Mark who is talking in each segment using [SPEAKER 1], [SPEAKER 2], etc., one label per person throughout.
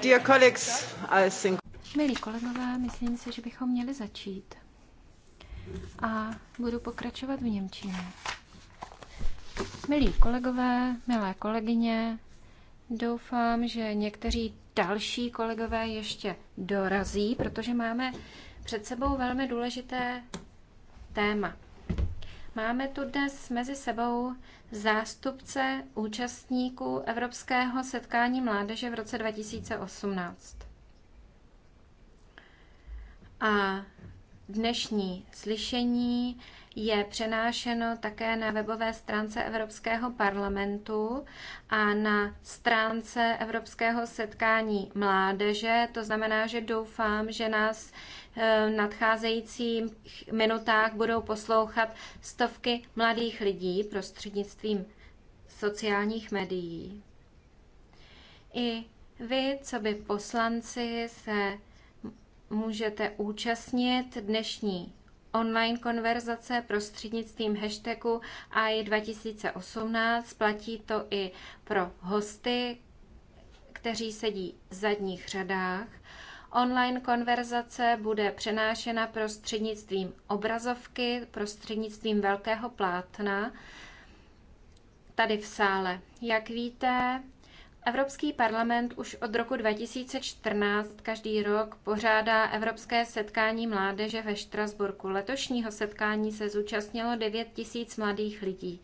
[SPEAKER 1] Dear colleagues, I think... Milí kolegové, myslím si, že bychom měli začít. A budu pokračovat v Němčině. Milí kolegové, milé kolegyně, doufám, že někteří další kolegové ještě dorazí, protože máme před sebou velmi důležité téma. Máme tu dnes mezi sebou zástupce účastníků Evropského setkání mládeže v roce 2018. A dnešní slyšení je přenášeno také na webové stránce Evropského parlamentu a na stránce Evropského setkání mládeže. To znamená, že doufám, že nás nadcházejících minutách budou poslouchat stovky mladých lidí prostřednictvím sociálních médií. I vy, co by poslanci, se můžete účastnit dnešní online konverzace prostřednictvím hashtagu AI 2018. Platí to i pro hosty, kteří sedí v zadních řadách. Online konverzace bude přenášena prostřednictvím obrazovky, prostřednictvím velkého plátna tady v sále. Jak víte, Evropský parlament už od roku 2014 každý rok pořádá Evropské setkání mládeže ve Štrasburku. Letošního setkání se zúčastnilo 9 tisíc mladých lidí.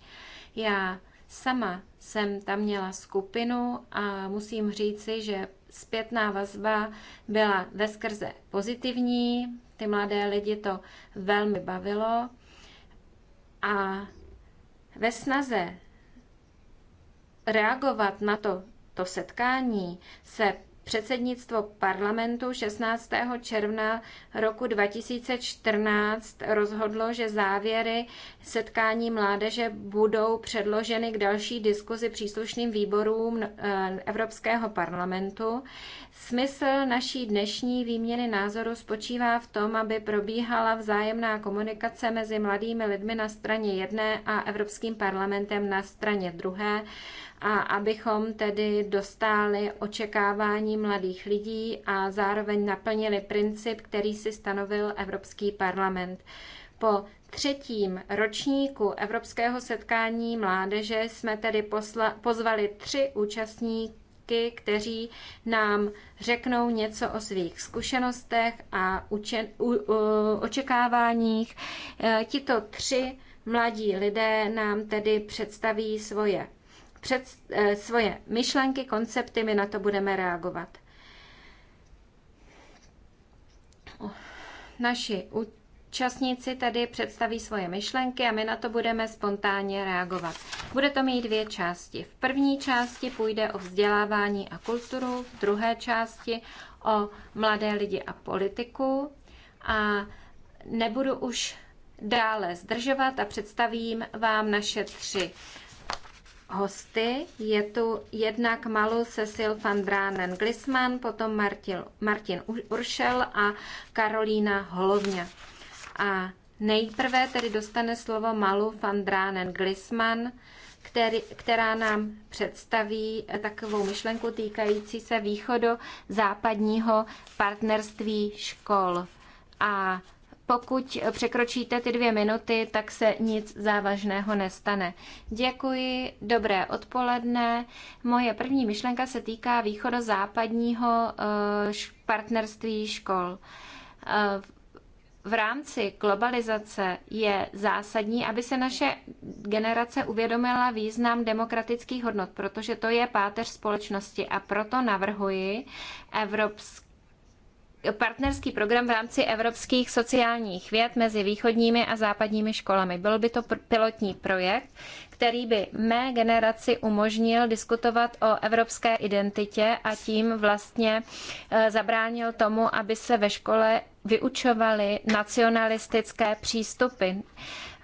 [SPEAKER 1] Já sama jsem tam měla skupinu a musím říci, že zpětná vazba byla veskrze pozitivní, ty mladé lidi to velmi bavilo a ve snaze reagovat na to, to setkání se předsednictvo parlamentu 16. června roku 2014 rozhodlo, že závěry setkání mládeže budou předloženy k další diskuzi příslušným výborům eh, Evropského parlamentu. Smysl naší dnešní výměny názoru spočívá v tom, aby probíhala vzájemná komunikace mezi mladými lidmi na straně jedné a Evropským parlamentem na straně druhé a abychom tedy dostáli očekávání mladých lidí a zároveň naplnili princip, který si stanovil Evropský parlament. Po třetím ročníku Evropského setkání mládeže jsme tedy posla, pozvali tři účastníky, kteří nám řeknou něco o svých zkušenostech a učen, u, u, očekáváních. E, tito tři mladí lidé nám tedy představí svoje před, eh, svoje myšlenky, koncepty, my na to budeme reagovat. Naši účastníci tady představí svoje myšlenky a my na to budeme spontánně reagovat. Bude to mít dvě části. V první části půjde o vzdělávání a kulturu, v druhé části o mladé lidi a politiku. A nebudu už dále zdržovat a představím vám naše tři hosty. Je tu jednak Malu Cecil van Dránen Glisman, potom Martin, Martin Uršel a Karolína Holovňa. A nejprve tedy dostane slovo Malu van Dránen Glisman, který, která nám představí eh, takovou myšlenku týkající se východu západního partnerství škol. A pokud překročíte ty dvě minuty, tak se nic závažného nestane. Děkuji, dobré odpoledne. Moje první myšlenka se týká východozápadního eh, partnerství škol. Eh, v rámci globalizace je zásadní, aby se naše generace uvědomila význam demokratických hodnot, protože to je páteř společnosti a proto navrhuji Evropské partnerský program v rámci evropských sociálních věd mezi východními a západními školami. Byl by to pilotní projekt, který by mé generaci umožnil diskutovat o evropské identitě a tím vlastně eh, zabránil tomu, aby se ve škole vyučovaly nacionalistické přístupy.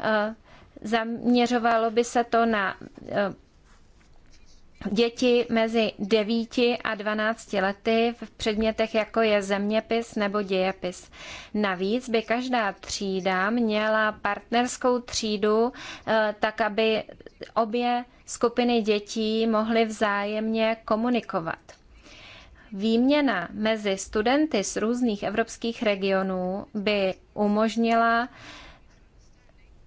[SPEAKER 1] Eh, zaměřovalo by se to na eh, děti mezi 9 a 12 lety v předmětech jako je zeměpis nebo dějepis. Navíc by každá třída měla partnerskou třídu, eh, tak aby obě skupiny dětí mohly vzájemně komunikovat. Výměna mezi studenty z různých evropských regionů by umožnila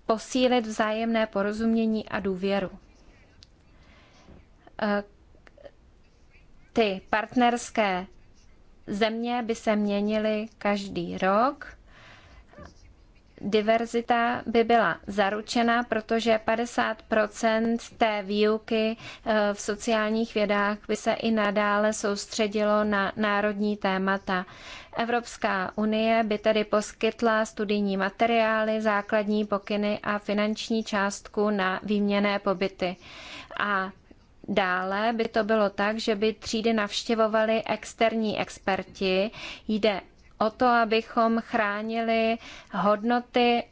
[SPEAKER 1] posílit vzájemné porozumění a důvěru. Eh, ty partnerské země by se měnily každý rok. Diverzita by byla zaručena, protože 50 té výuky eh, v sociálních vědách by se i nadále soustředilo na národní témata. Evropská unie by tedy poskytla studijní materiály, základní pokyny a finanční částku na výměné pobyty. A Dále by to bylo tak, že by třídy navštěvovali externí experti. Jde o to, abychom chránili hodnoty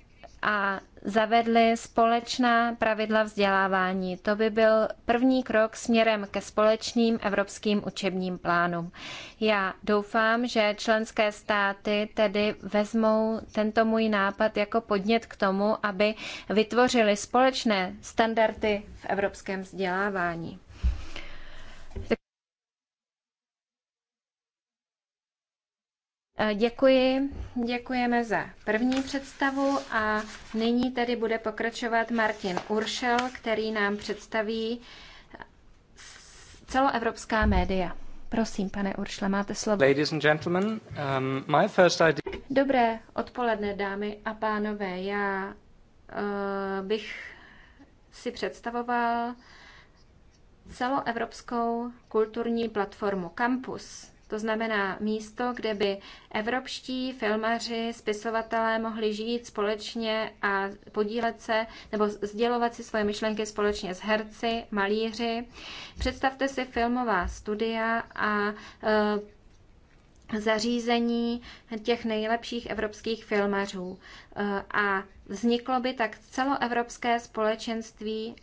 [SPEAKER 1] a zavedli společná pravidla vzdělávání. To by byl první krok směrem ke společným evropským učebním plánům. Já doufám, že členské státy tedy vezmou tento můj nápad jako podnět k tomu, aby vytvořili společné standardy v evropském vzdělávání. Eh, děkuji, děkujeme za první představu a nyní tedy bude pokračovat Martin Uršel, který nám představí eh, celoevropská média. Prosím, pane Uršle, máte
[SPEAKER 2] slovo. Ladies and gentlemen, um, my first idea...
[SPEAKER 1] Dobré odpoledne, dámy a pánové. Já uh, bych si představoval celoevropskou kulturní platformu Campus to znamená místo, kde by evropští filmaři, spisovatelé mohli žít společně a podílet se nebo sdělovat si svoje myšlenky společně s herci, malíři. Představte si filmová studia a e, zařízení těch nejlepších evropských filmařů. E, a vzniklo by tak celoevropské společenství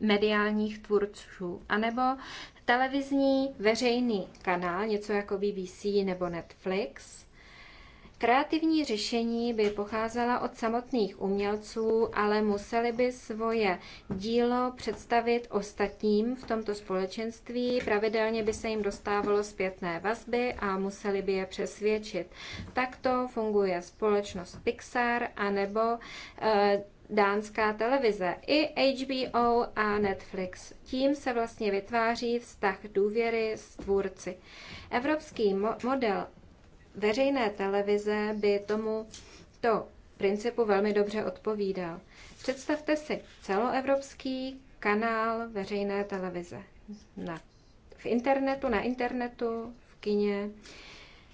[SPEAKER 1] mediálních tvůrců, anebo televizní veřejný kanál, něco jako BBC nebo Netflix. Kreativní řešení by pocházela od samotných umělců, ale museli by svoje dílo představit ostatním v tomto společenství. Pravidelně by se jim dostávalo zpětné vazby a museli by je přesvědčit. Takto funguje společnost Pixar a nebo eh, dánská televize, i HBO a Netflix. Tím se vlastně vytváří vztah důvěry s tvůrci. Evropský mo- model veřejné televize by tomu to principu velmi dobře odpovídal. Představte si celoevropský kanál veřejné televize na, v internetu, na internetu, v kině.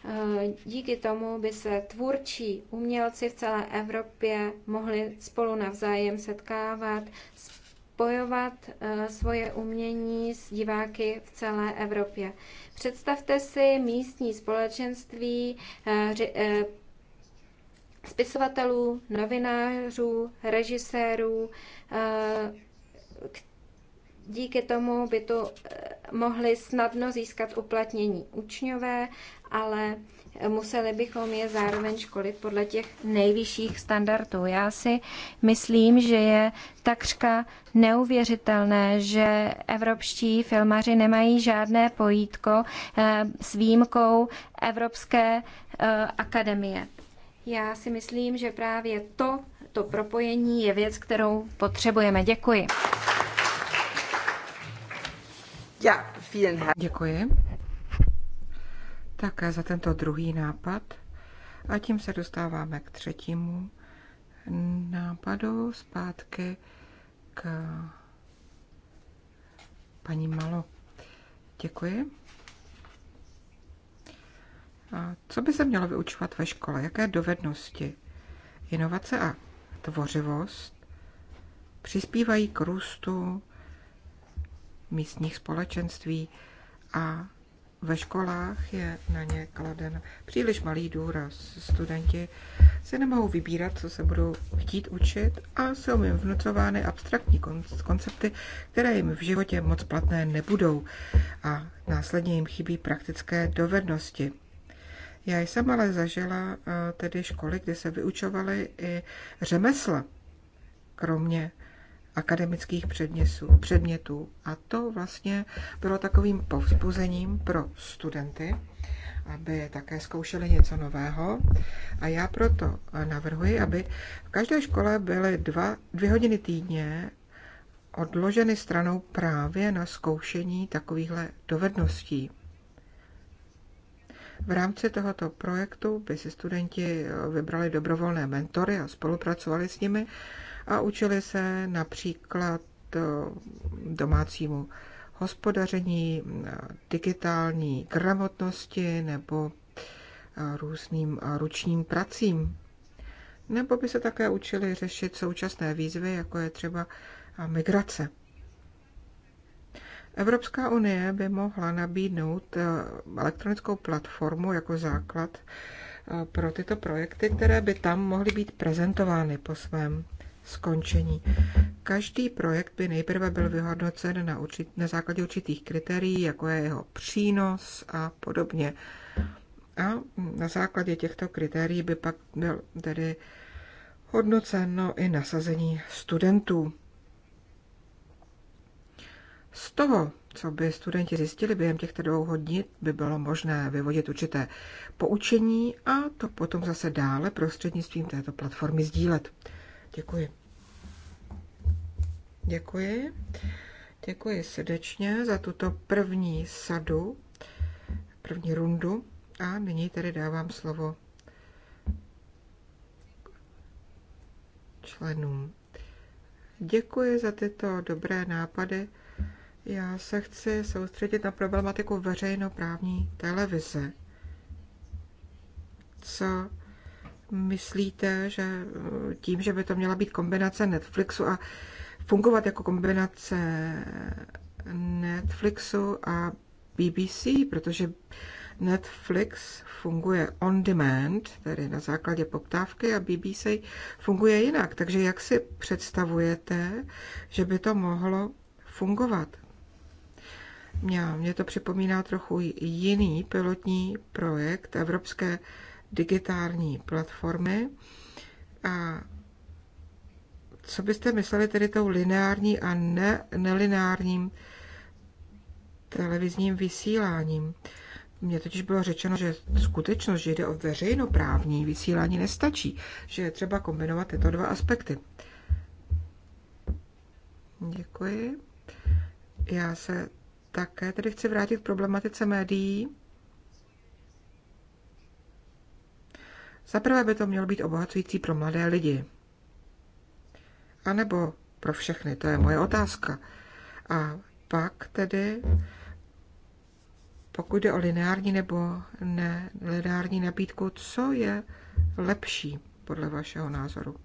[SPEAKER 1] Eh, díky tomu by se tvůrčí umělci v celé Evropě mohli spolu navzájem setkávat, spojovat eh, svoje umění s diváky v celé Evropě. Představte si místní společenství eh, spisovatelů, novinářů, režisérů, díky tomu by to mohli snadno získat uplatnění učňové ale museli bychom je zároveň školit podle těch nejvyšších standardů. Já si myslím, že je takřka neuvěřitelné, že evropští filmaři nemají žádné pojítko eh, s výjimkou Evropské eh, akademie. Já si myslím, že právě to, to propojení je věc, kterou potřebujeme. Děkuji.
[SPEAKER 2] Děkuji také za tento druhý nápad. A tím se dostáváme k třetímu nápadu, zpátky k paní Malo. Děkuji. A co by se mělo vyučovat ve škole? Jaké dovednosti? Inovace a tvořivost přispívají k růstu místních společenství a ve školách je na ně kladen příliš malý důraz. Studenti si nemohou vybírat, co se budou chtít učit a jsou jim vnucovány abstraktní koncepty, které jim v životě moc platné nebudou a následně jim chybí praktické dovednosti. Já jsem ale zažila eh, tedy školy, kde se vyučovaly i řemesla, kromě akademických předmětů. A to vlastně bylo takovým povzbuzením pro studenty, aby také zkoušeli něco nového. A já proto navrhuji, aby v každé škole byly dva, dvě hodiny týdně odloženy stranou právě na zkoušení takovýchhle dovedností. V rámci tohoto projektu by si studenti vybrali dobrovolné mentory a spolupracovali s nimi a učili se například eh, domácímu hospodaření, eh, digitální gramotnosti nebo eh, různým ručním pracím. Nebo by se také učili řešit současné výzvy, jako je třeba migrace. Evropská unie by mohla nabídnout elektronickou platformu jako základ pro tyto projekty, které by tam mohly být prezentovány po svém skončení. Každý projekt by nejprve byl vyhodnocen na, určit, na základě určitých kritérií, jako je jeho přínos a podobně. A na základě těchto kritérií by pak byl tedy hodnoceno i nasazení studentů. Z toho, co by studenti zjistili během těchto dvou hodin, by bylo možné vyvodit určité poučení a to potom zase dále prostřednictvím této platformy sdílet. Děkuji. Děkuji. Děkuji srdečně za tuto první sadu, první rundu. A nyní tedy dávám slovo členům. Děkuji za tyto dobré nápady. Já se chci soustředit na problematiku veřejnoprávní televize. Co myslíte, že eh, tím, že by to měla být kombinace Netflixu a fungovat jako kombinace Netflixu a BBC, protože Netflix funguje on demand, tedy na základě poptávky, a BBC funguje jinak. Takže jak si představujete, že by to mohlo fungovat? Mě, mě to připomíná trochu jiný pilotní projekt Evropské digitální platformy. A co byste mysleli tedy tou lineární a ne, nelineárním televizním vysíláním? Mně totiž bylo řečeno, že skutečnost, že jde o veřejnoprávní vysílání, nestačí, že je třeba kombinovat tyto dva aspekty. Děkuji. Já se také tedy chci vrátit k problematice médií. Zaprvé by to mělo být obohacující pro mladé lidi. A nebo pro všechny, to je moje otázka. A pak tedy, pokud jde o lineární nebo ne, lineární nabídku, co je lepší podle vašeho názoru?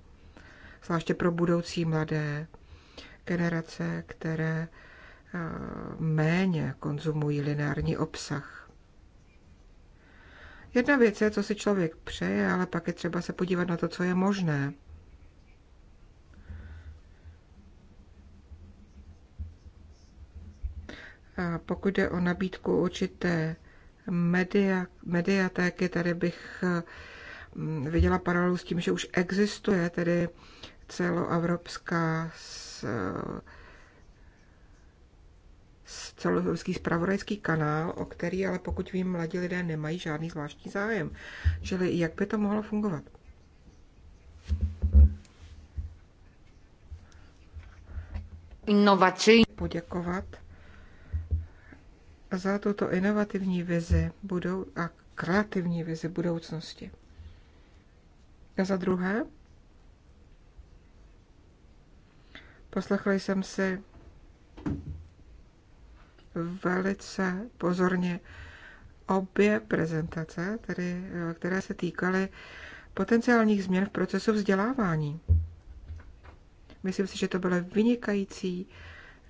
[SPEAKER 2] Zvláště pro budoucí mladé generace, které eh, méně konzumují lineární obsah. Jedna věc je, co si člověk přeje, ale pak je třeba se podívat na to, co je možné. A pokud jde o nabídku určité media, mediatéky, tady bych mm, viděla paralelu s tím, že už existuje tedy celoevropská s, celoruský spravodajský kanál, o který ale pokud vím, mladí lidé nemají žádný zvláštní zájem. Čili jak by to mohlo fungovat? Inovační. Poděkovat za tuto inovativní vizi budou a kreativní vizi budoucnosti. A za druhé, poslechli jsem si velice pozorně obě prezentace, tedy, eh, které se týkaly potenciálních změn v procesu vzdělávání. Myslím si, že to byly vynikající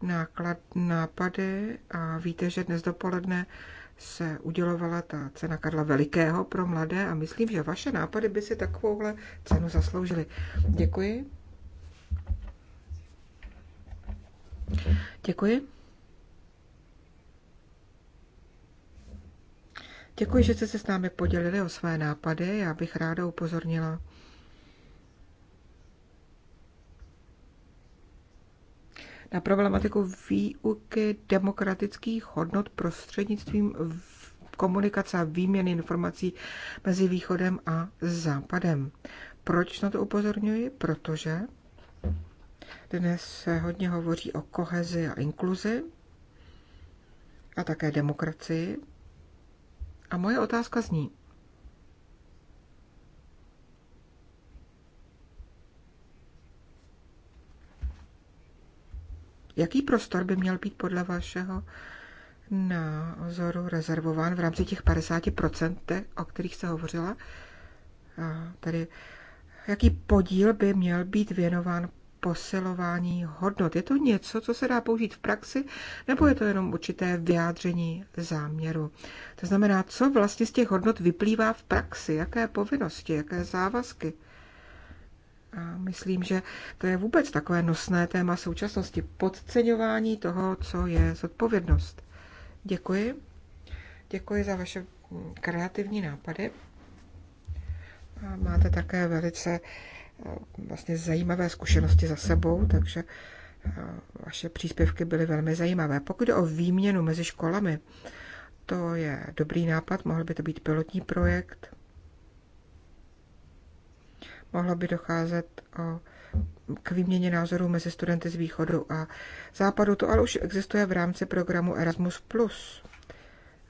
[SPEAKER 2] náklad, nápady a víte, že dnes dopoledne se udělovala ta cena Karla Velikého pro mladé a myslím, že vaše nápady by si takovouhle cenu zasloužily. Děkuji. Děkuji. Děkuji, že jste se s námi podělili o své nápady. Já bych ráda upozornila na problematiku výuky demokratických hodnot prostřednictvím komunikace a výměny informací mezi východem a západem. Proč na to upozorňuji? Protože dnes se hodně hovoří o kohezi a inkluzi a také demokracii. A moje otázka zní, Jaký prostor by měl být podle vašeho názoru rezervován v rámci těch 50%, o kterých se hovořila? A tedy jaký podíl by měl být věnován posilování hodnot. Je to něco, co se dá použít v praxi, nebo je to jenom určité vyjádření záměru? To znamená, co vlastně z těch hodnot vyplývá v praxi, jaké povinnosti, jaké závazky? A myslím, že to je vůbec takové nosné téma současnosti, podceňování toho, co je zodpovědnost. Děkuji. Děkuji za vaše kreativní nápady. A máte také velice Eh, vlastně zajímavé zkušenosti za sebou, takže eh, vaše příspěvky byly velmi zajímavé. Pokud jde o výměnu mezi školami, to je dobrý nápad, mohl by to být pilotní projekt, mohlo by docházet o, k výměně názorů mezi studenty z východu a západu. To ale už existuje v rámci programu Erasmus+,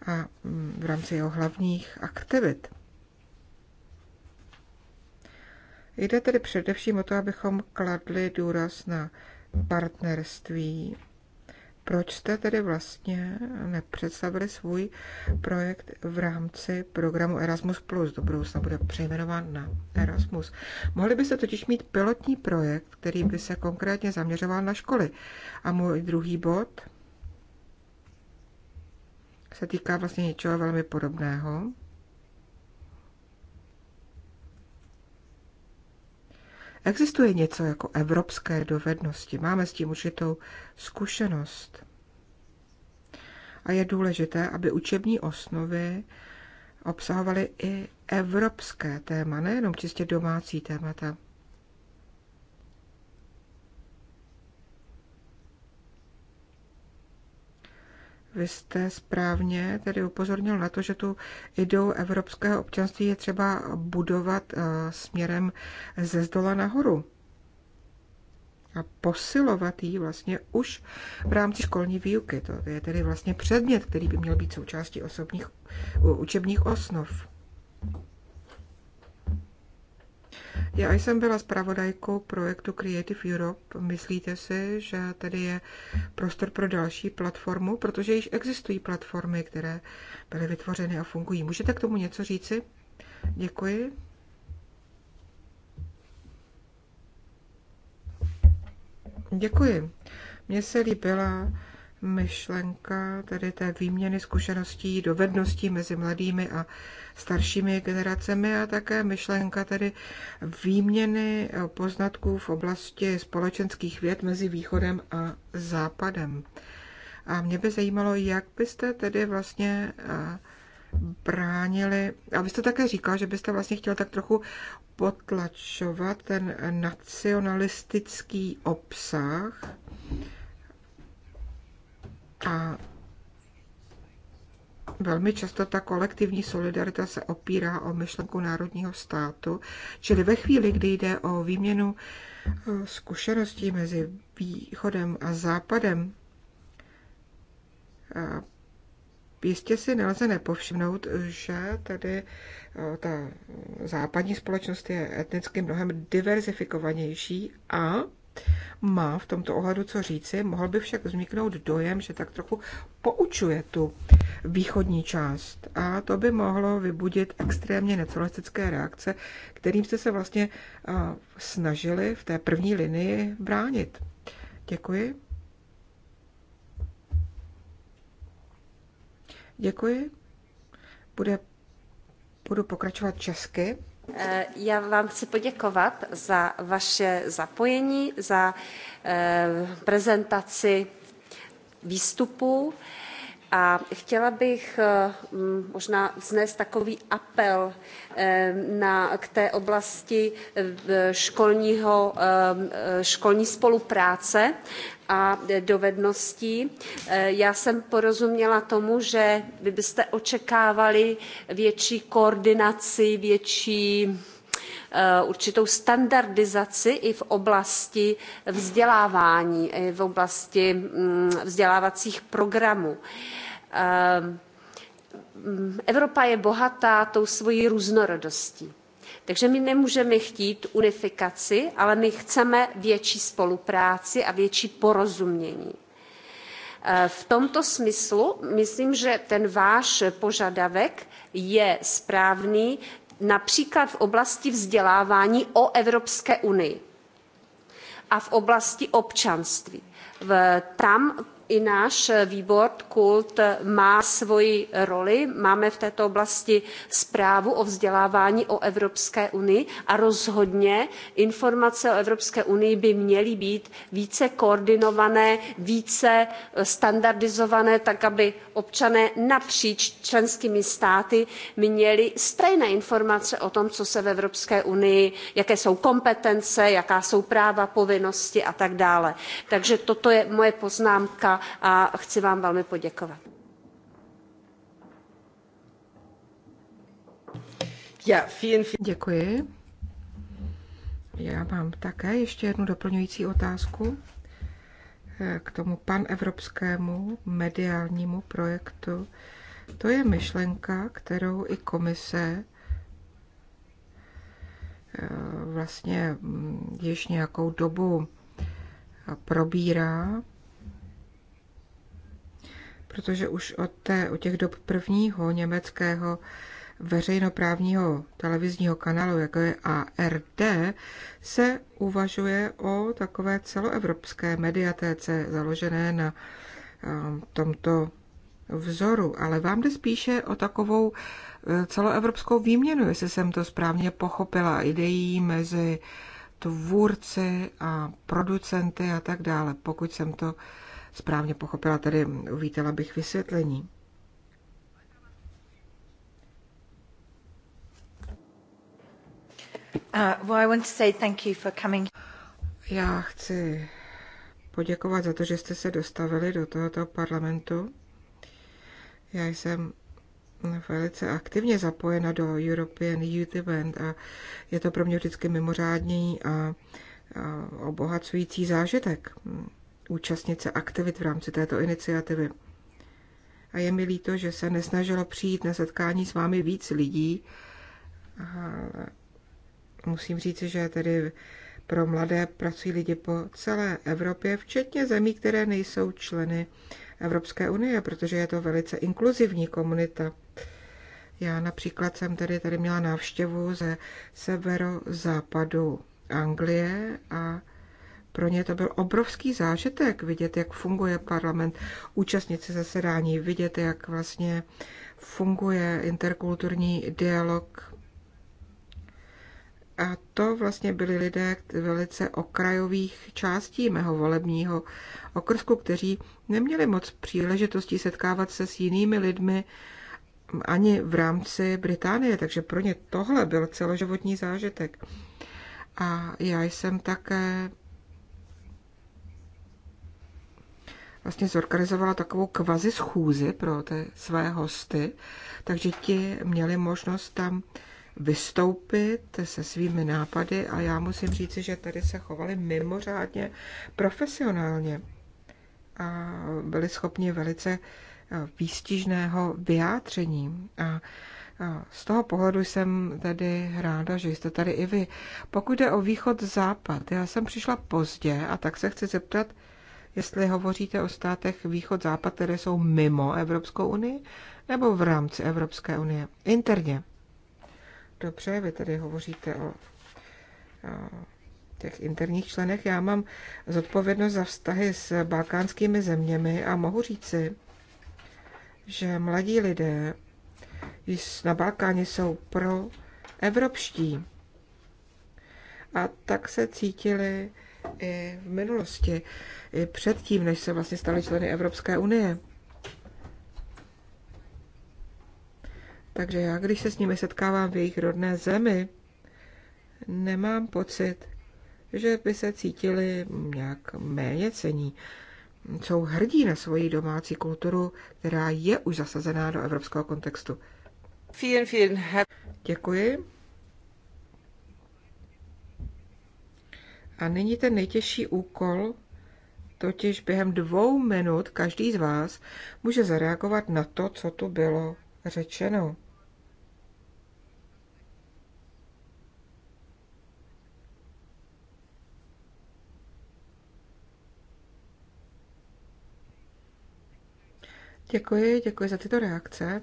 [SPEAKER 2] a mm, v rámci jeho hlavních aktivit. Jde tedy především o to, abychom kladli důraz na partnerství. Proč jste tedy vlastně nepředstavili svůj projekt v rámci programu Erasmus+, do budoucna bude přejmenován na Erasmus. Mohli byste totiž mít pilotní projekt, který by se konkrétně zaměřoval na školy. A můj druhý bod se týká vlastně něčeho velmi podobného. Existuje něco jako evropské dovednosti, máme s tím určitou zkušenost. A je důležité, aby učební osnovy obsahovaly i evropské téma, nejenom čistě domácí témata. Vy jste správně tedy upozornil na to, že tu ideu evropského občanství je třeba budovat eh, směrem ze zdola nahoru a posilovat ji vlastně už v rámci školní výuky. To je tedy vlastně předmět, který by měl být součástí osobních učebních osnov. Já jsem byla zpravodajkou projektu Creative Europe. Myslíte si, že tady je prostor pro další platformu, protože již existují platformy, které byly vytvořeny a fungují. Můžete k tomu něco říci? Děkuji. Děkuji. Mně se líbila myšlenka tedy té výměny zkušeností, dovedností mezi mladými a staršími generacemi a také myšlenka tedy výměny eh, poznatků v oblasti společenských věd mezi východem a západem. A mě by zajímalo, jak byste tedy vlastně eh, bránili, a vy jste také říkal, že byste vlastně chtěl tak trochu potlačovat ten nacionalistický obsah, a velmi často ta kolektivní solidarita se opírá o myšlenku národního státu, čili ve chvíli, kdy jde o výměnu eh, zkušeností mezi východem a západem, eh, jistě si nelze nepovšimnout, že tady eh, ta západní společnost je etnicky mnohem diverzifikovanější a má v tomto ohledu co říci, mohl by však vzniknout dojem, že tak trochu poučuje tu východní část. A to by mohlo vybudit extrémně necelestické reakce, kterým jste se vlastně snažili v té první linii bránit. Děkuji. Děkuji. Bude, budu pokračovat česky.
[SPEAKER 3] Eh, já vám chci poděkovat za vaše zapojení, za eh, prezentaci výstupů a chtěla bych eh, možná vznést takový apel na, k té oblasti školního, školní spolupráce a dovedností. Eh, já jsem porozuměla tomu, že vy byste očekávali větší koordinaci, větší eh, určitou standardizaci i v oblasti vzdělávání, i v oblasti mm, vzdělávacích programů. Eh, mm, Evropa je bohatá tou svojí různorodostí takže my nemůžeme chtít unifikaci, ale my chceme větší spolupráci a větší porozumění. E, v tomto smyslu myslím, že ten váš požadavek je správný například v oblasti vzdělávání o Evropské unii a v oblasti občanství. V, tam i náš výbor kult má svoji roli máme v této oblasti zprávu o vzdělávání o evropské unii a rozhodně informace o evropské unii by měly být více koordinované více standardizované tak aby občané napříč členskými státy měli stejné informace o tom co se v evropské unii jaké jsou kompetence jaká jsou práva povinnosti a tak dále. takže toto je moje poznámka a chci vám
[SPEAKER 2] velmi poděkovat. Děkuji. Já mám také ještě jednu doplňující otázku eh, k tomu panevropskému mediálnímu projektu. To je myšlenka, kterou i komise eh, vlastně mm, již nějakou dobu probírá protože už od, té, od těch dob prvního německého veřejnoprávního televizního kanálu, jako je ARD, se uvažuje o takové celoevropské mediatéce založené na ehm, tomto vzoru, ale vám jde spíše o takovou e, celoevropskou výměnu, jestli jsem to správně pochopila, ideí mezi tvůrci a producenty a tak dále, pokud jsem to správně pochopila, tedy uvítala bych vysvětlení.
[SPEAKER 1] Uh, well, I want
[SPEAKER 2] to say thank you for coming. Já chci poděkovat za to, že jste se dostavili do tohoto parlamentu. Já jsem velice aktivně zapojena do European Youth Event a je to pro mě vždycky mimořádný a obohacující zážitek účastnit se aktivit v rámci této iniciativy. A je mi líto, že se nesnažilo přijít na setkání s vámi víc lidí. A musím říct, že tedy pro mladé pracují lidi po celé Evropě, včetně zemí, které nejsou členy Evropské unie, protože je to velice inkluzivní komunita. Já například jsem tady, tady měla návštěvu ze severozápadu Anglie a pro ně to byl obrovský zážitek vidět, jak funguje parlament, účastnit se zasedání, vidět, jak vlastně funguje interkulturní dialog. A to vlastně byli lidé velice okrajových částí mého volebního okrsku, kteří neměli moc příležitostí setkávat se s jinými lidmi ani v rámci Británie, takže pro ně tohle byl celoživotní zážitek. A já jsem také vlastně zorganizovala takovou kvazi schůzi pro ty své hosty, takže ti měli možnost tam vystoupit se svými nápady a já musím říci, že tady se chovali mimořádně profesionálně a byli schopni velice eh, výstižného vyjádření. A z toho pohledu jsem tedy ráda, že jste tady i vy. Pokud jde o východ-západ, já jsem přišla pozdě a tak se chci zeptat, jestli hovoříte o státech východ-západ, které jsou mimo Evropskou unii, nebo v rámci Evropské unie, interně. Dobře, vy tedy hovoříte o, o těch interních členech. Já mám zodpovědnost za vztahy s balkánskými zeměmi a mohu říci, že mladí lidé na Balkáně jsou pro evropští. A tak se cítili i v minulosti, i předtím, než se vlastně staly členy Evropské unie. Takže já, když se s nimi setkávám v jejich rodné zemi, nemám pocit, že by se cítili nějak méně cení. Jsou hrdí na svoji domácí kulturu, která je už zasazená do evropského kontextu. Vielen, vielen Děkuji. A není ten nejtěžší úkol, totiž během dvou minut každý z vás může zareagovat na to, co tu bylo řečeno. Děkuji, děkuji za tyto reakce.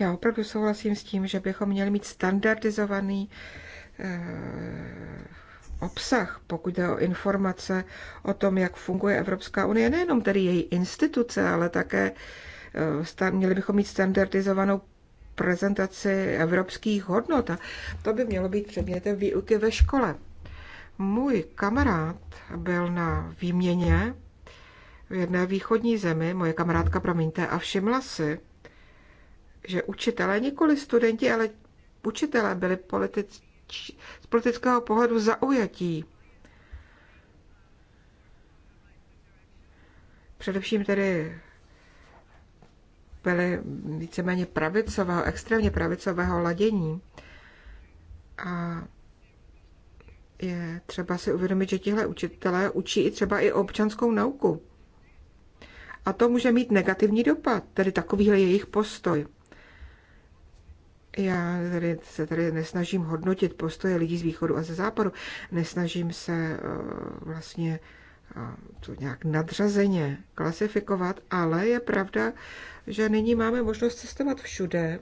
[SPEAKER 2] Já opravdu souhlasím s tím, že bychom měli mít standardizovaný eh, obsah, pokud jde o informace o tom, jak funguje Evropská unie, nejenom tedy její instituce, ale také eh, měli bychom mít standardizovanou prezentaci evropských hodnot a to by mělo být předmětem výuky ve škole. Můj kamarád byl na výměně v jedné východní zemi, moje kamarádka, promiňte, a všimla si, že učitelé, nikoli studenti, ale učitelé byli politič, z politického pohledu zaujatí. Především tedy byli víceméně pravicového, extrémně pravicového ladění. A je třeba si uvědomit, že tihle učitelé učí i třeba i občanskou nauku. A to může mít negativní dopad, tedy takovýhle jejich postoj. Já tady, se tady nesnažím hodnotit postoje lidí z východu a ze západu, nesnažím se eh, vlastně eh, to nějak nadřazeně klasifikovat, ale je pravda, že nyní máme možnost cestovat všude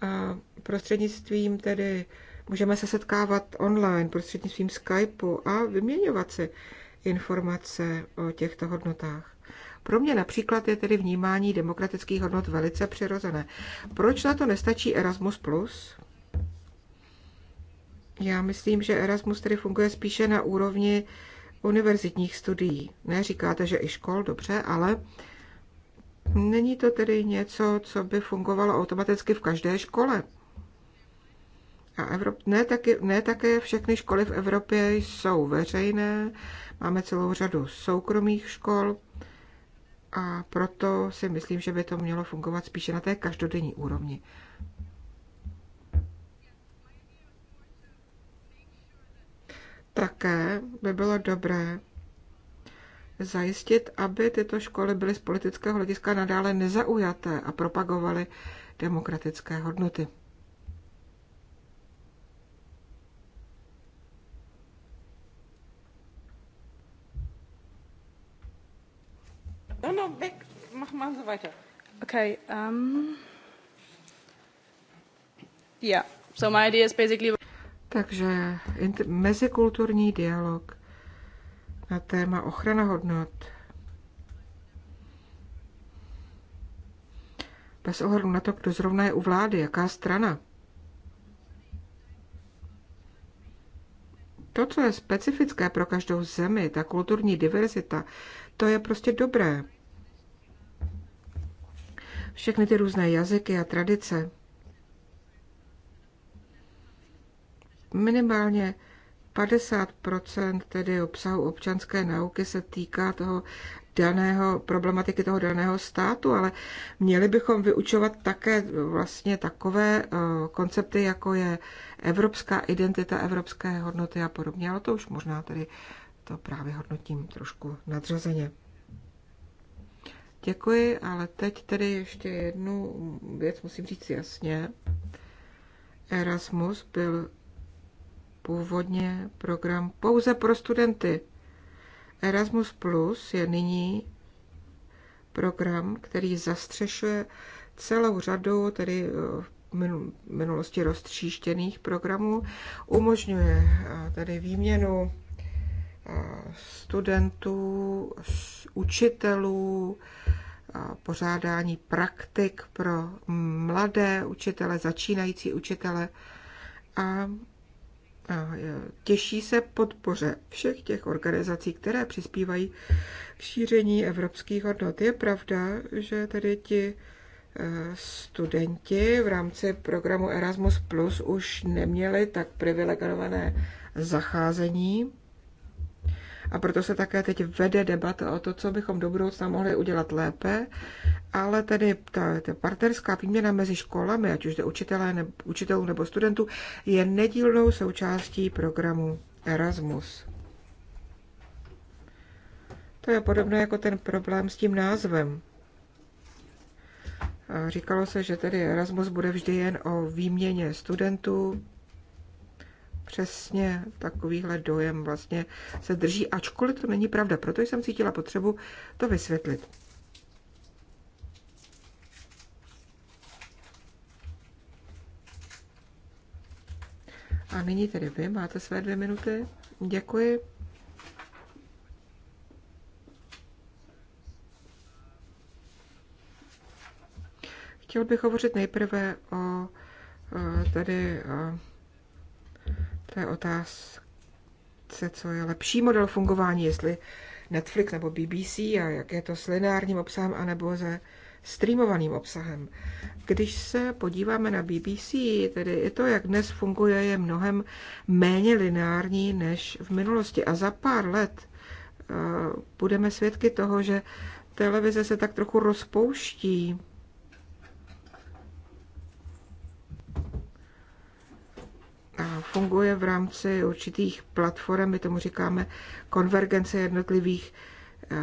[SPEAKER 2] a prostřednictvím tedy můžeme se setkávat online, prostřednictvím Skypeu a vyměňovat si informace o těchto hodnotách. Pro mě například je tedy vnímání demokratických hodnot velice přirozené. Proč na to nestačí Erasmus+. Já myslím, že Erasmus tedy funguje spíše na úrovni univerzitních studií. Ne, říkáte, že i škol, dobře, ale není to tedy něco, co by fungovalo automaticky v každé škole. A Evrop... ne, taky, ne také všechny školy v Evropě jsou veřejné, máme celou řadu soukromých škol, a proto si myslím, že by to mělo fungovat spíše na té každodenní úrovni. Také by bylo dobré zajistit, aby tyto školy byly z politického hlediska nadále nezaujaté a propagovaly demokratické hodnoty. No, no, weg. Mach mal so weiter.
[SPEAKER 4] Okay. Um... Yeah. So my idea is basically...
[SPEAKER 2] Takže inter- mezikulturní dialog na téma ochrana hodnot. Bez ohledu na to, kdo zrovna je u vlády, jaká strana. To, co je specifické pro každou zemi, ta kulturní diverzita, to je prostě dobré. Všechny ty různé jazyky a tradice. Minimálně 50 tedy obsahu občanské nauky se týká toho daného, problematiky toho daného státu, ale měli bychom vyučovat také vlastně takové eh, koncepty, jako je evropská identita, evropské hodnoty a podobně, ale to už možná tedy to právě hodnotím trošku nadřazeně. Děkuji, ale teď tedy ještě jednu věc musím říct jasně. Erasmus byl původně program pouze pro studenty. Erasmus Plus je nyní program, který zastřešuje celou řadu tedy v eh, minulosti roztříštěných programů, umožňuje eh, tedy výměnu studentů, učitelů, pořádání praktik pro mladé učitele, začínající učitele a těší se podpoře všech těch organizací, které přispívají k šíření evropských hodnot. Je pravda, že tedy ti e, studenti v rámci programu Erasmus Plus už neměli tak privilegované zacházení, a proto se také teď vede debata o to, co bychom do budoucna mohli udělat lépe, ale tedy ta, ta partnerská výměna mezi školami, ať už jde učitelé, ne, učitelů nebo studentů, je nedílnou součástí programu Erasmus. To je podobné jako ten problém s tím názvem. Říkalo se, že tedy Erasmus bude vždy jen o výměně studentů, přesně takovýhle dojem vlastně se drží, ačkoliv to není pravda. Proto jsem cítila potřebu to vysvětlit. A nyní tedy vy máte své dvě minuty. Děkuji. Chtěl bych hovořit nejprve o eh, tady eh, to je otázce, co je lepší model fungování, jestli Netflix nebo BBC a jak je to s lineárním obsahem anebo se streamovaným obsahem. Když se podíváme na BBC, tedy i to, jak dnes funguje, je mnohem méně lineární než v minulosti. A za pár let eh, budeme svědky toho, že televize se tak trochu rozpouští funguje v rámci určitých platform, my tomu říkáme konvergence jednotlivých eh,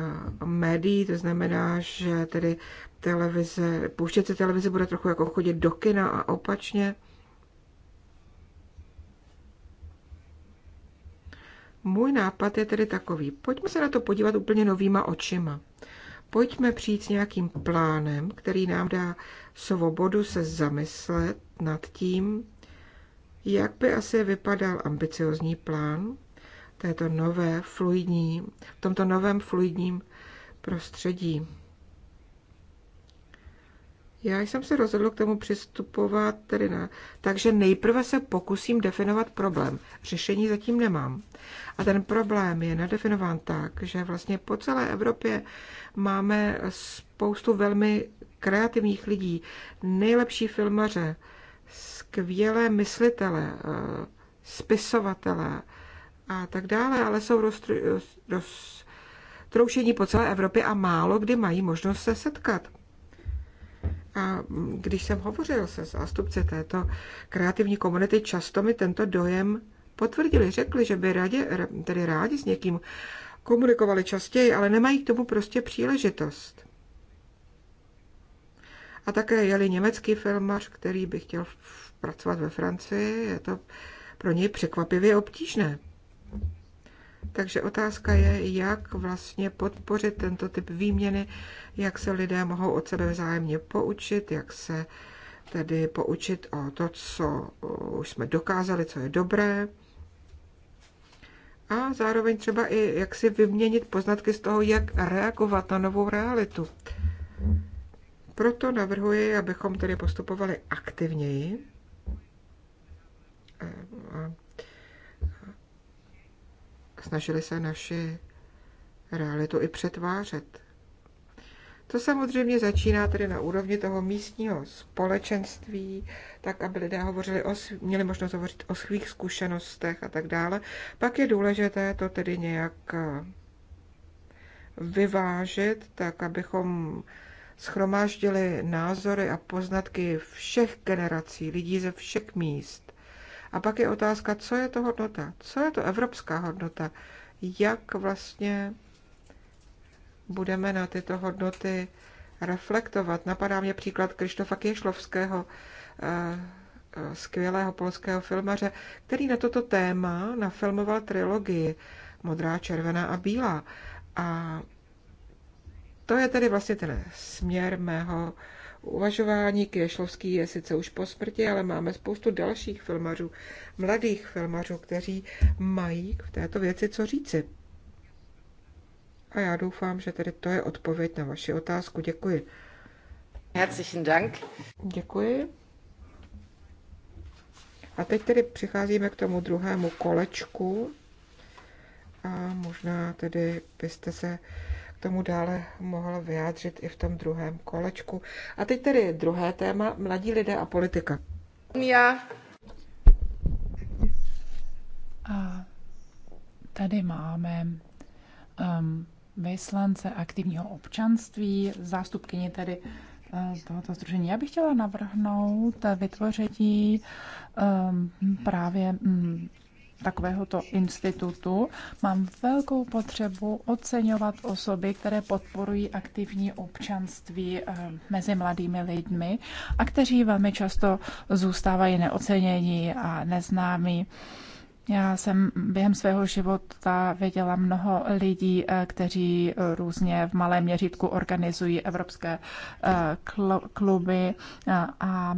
[SPEAKER 2] médií, to znamená, že tedy televize, pouštět se televize bude trochu jako chodit do kina a opačně. Můj nápad je tedy takový, pojďme se na to podívat úplně novýma očima. Pojďme přijít s nějakým plánem, který nám dá svobodu se zamyslet nad tím, jak by asi vypadal ambiciozní plán této nové fluidní, v tomto novém fluidním prostředí. Já jsem se rozhodl k tomu přistupovat tedy na... Takže nejprve se pokusím definovat problém. Řešení zatím nemám. A ten problém je nadefinován tak, že vlastně po celé Evropě máme spoustu velmi kreativních lidí, nejlepší filmaře, skvělé myslitele, eh, spisovatele a tak dále, ale jsou roztroušení po celé Evropě a málo kdy mají možnost se setkat. A když jsem hovořil se zástupci této kreativní komunity, často mi tento dojem potvrdili. Řekli, že by rádi, tedy rádi s někým komunikovali častěji, ale nemají k tomu prostě příležitost. A také jeli německý filmař, který by chtěl pracovat ve Francii, je to pro něj překvapivě obtížné. Takže otázka je, jak vlastně podpořit tento typ výměny, jak se lidé mohou od sebe vzájemně poučit, jak se tedy poučit o to, co už jsme dokázali, co je dobré. A zároveň třeba i jak si vyměnit poznatky z toho, jak reagovat na novou realitu. Proto navrhuji, abychom tedy postupovali aktivněji. Snažili se naši realitu i přetvářet. To samozřejmě začíná tedy na úrovni toho místního společenství, tak aby lidé hovořili o, měli možnost hovořit o svých zkušenostech a tak dále. Pak je důležité to tedy nějak vyvážit, tak abychom schromáždili názory a poznatky všech generací, lidí ze všech míst. A pak je otázka, co je to hodnota, co je to evropská hodnota, jak vlastně budeme na tyto hodnoty reflektovat. Napadá mě příklad Krištofa Kiešlovského, eh, eh, skvělého polského filmaře, který na toto téma nafilmoval trilogii Modrá, červená a bílá. A to je tedy vlastně ten směr mého uvažování. Kješlovský je sice už po smrti, ale máme spoustu dalších filmařů, mladých filmařů, kteří mají v této věci co říci. A já doufám, že tedy to je odpověď na vaši otázku. Děkuji. Herzlichen Dank. Děkuji. A teď tedy přicházíme k tomu druhému kolečku. A možná tedy byste se tomu dále mohl vyjádřit i v tom druhém kolečku. A teď tedy druhé téma, mladí lidé a politika.
[SPEAKER 4] Já. A tady máme um, vyslance aktivního občanství, zástupkyně tedy uh, tohoto združení. Já bych chtěla navrhnout vytvoření um, právě um, takovéhoto institutu, mám velkou potřebu oceňovat osoby, které podporují aktivní občanství eh, mezi mladými lidmi a kteří velmi často zůstávají neocenění a neznámí. Já jsem během svého života viděla mnoho lidí, eh, kteří různě v malém měřítku organizují evropské eh, kluby eh, a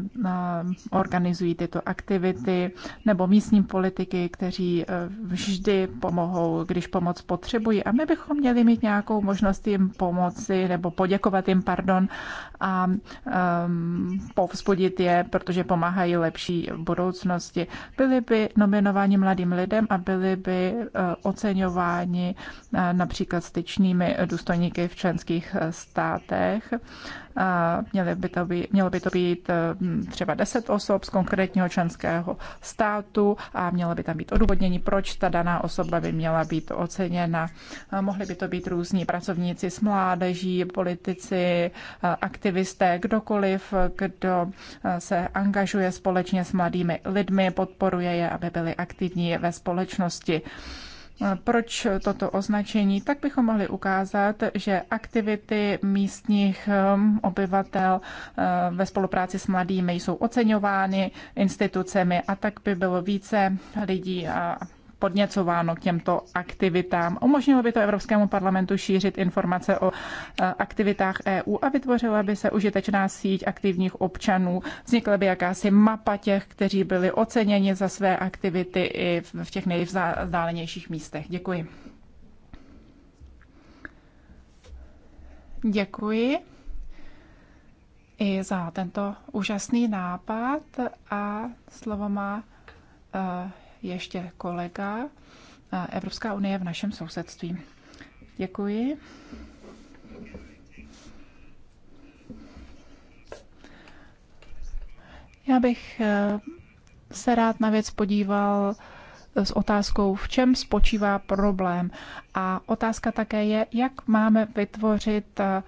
[SPEAKER 4] organizují tyto aktivity, nebo místní politiky, kteří vždy pomohou, když pomoc potřebují. A my bychom měli mít nějakou možnost jim pomoci, nebo poděkovat jim, pardon, a ehm, povzbudit je, protože pomáhají lepší budoucnosti. Byli by nominováni mladí mladým lidem a byli by eh, oceňováni eh, například styčnými důstojníky v členských eh, státech. Měly by to být, mělo by to být eh, třeba 10 osob z konkrétního členského státu a mělo by tam být odůvodnění, proč ta daná osoba by měla být oceněna. Mohli by to být různí pracovníci s mládeží, politici, eh, aktivisté, kdokoliv, kdo eh, se angažuje společně s mladými lidmi, podporuje je, aby byli aktivní ve společnosti proč toto označení, tak bychom mohli ukázat, že aktivity místních um, obyvatel uh, ve spolupráci s mladými jsou oceňovány institucemi a tak by bylo více lidí a podněcováno k těmto aktivitám. Umožnilo by to Evropskému parlamentu šířit informace o eh, aktivitách EU a vytvořila by se užitečná síť aktivních občanů. Vznikla by jakási mapa těch, kteří byli oceněni za své aktivity i v těch nejvzdálenějších místech. Děkuji. Děkuji i za tento úžasný nápad a slovo má uh, ještě kolega. Evropská unie v našem sousedství. Děkuji. Já bych eh, se rád na věc podíval eh, s otázkou, v čem spočívá problém. A otázka také je, jak máme vytvořit eh,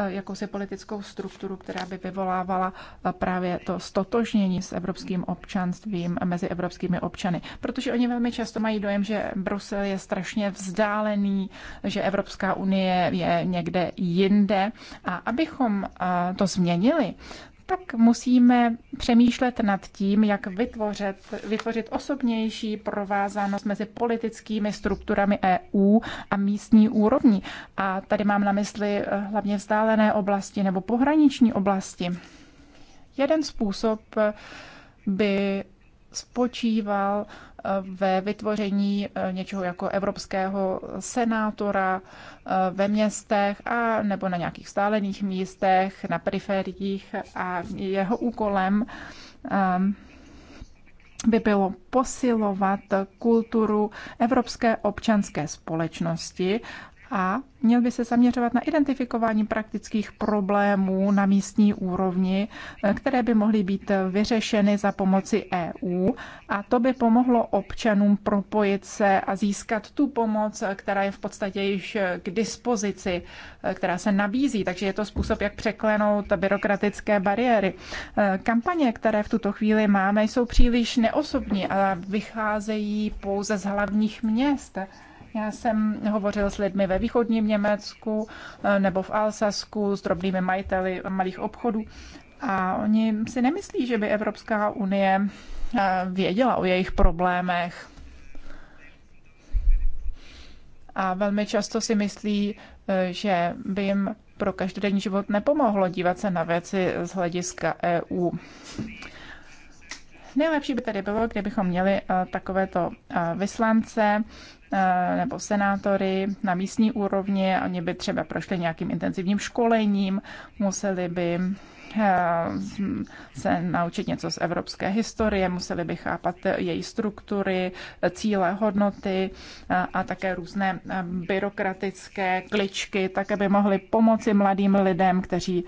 [SPEAKER 4] Eh, jakousi politickou strukturu, která by vyvolávala eh, právě to stotožnění s evropským občanstvím mezi evropskými občany. Protože oni velmi často mají dojem, že Brusel je strašně vzdálený, že Evropská unie je někde jinde. A abychom eh, to změnili, tak musíme přemýšlet nad tím, jak vytvořit, vytvořit osobnější provázanost mezi politickými strukturami EU a místní úrovní. A tady mám na mysli eh, hlavně vzdálené oblasti nebo pohraniční oblasti. Jeden způsob eh, by spočíval ve vytvoření eh, něčeho jako evropského senátora eh, ve městech a nebo na nějakých stálených místech, na periferiích a jeho úkolem ehm, by bylo posilovat kulturu evropské občanské společnosti a měl by se zaměřovat na identifikování praktických problémů na místní úrovni, eh, které by mohly být vyřešeny za pomoci EU a to by pomohlo občanům propojit se a získat tu pomoc, eh, která je v podstatě již eh, k dispozici, která se nabízí, takže je to způsob, jak překlenout byrokratické bariéry. Kampaně, které v tuto chvíli máme, jsou příliš neosobní a vycházejí pouze z hlavních měst. Já jsem hovořil s lidmi ve východním Německu eh, nebo v Alsasku s drobnými majiteli malých obchodů a oni si nemyslí, že by Evropská unie eh, věděla o jejich problémech. A velmi často si myslí, eh, že by jim pro každodenní život nepomohlo dívat se na věci z hlediska EU. Nejlepší by tady bylo, kdybychom měli eh, takovéto eh, vyslance eh, nebo senátory na místní úrovni. Oni by třeba prošli nějakým intenzivním školením, museli by se naučit něco z evropské historie, museli by chápat její struktury, cíle, hodnoty a také různé byrokratické kličky, tak aby mohli pomoci mladým lidem, kteří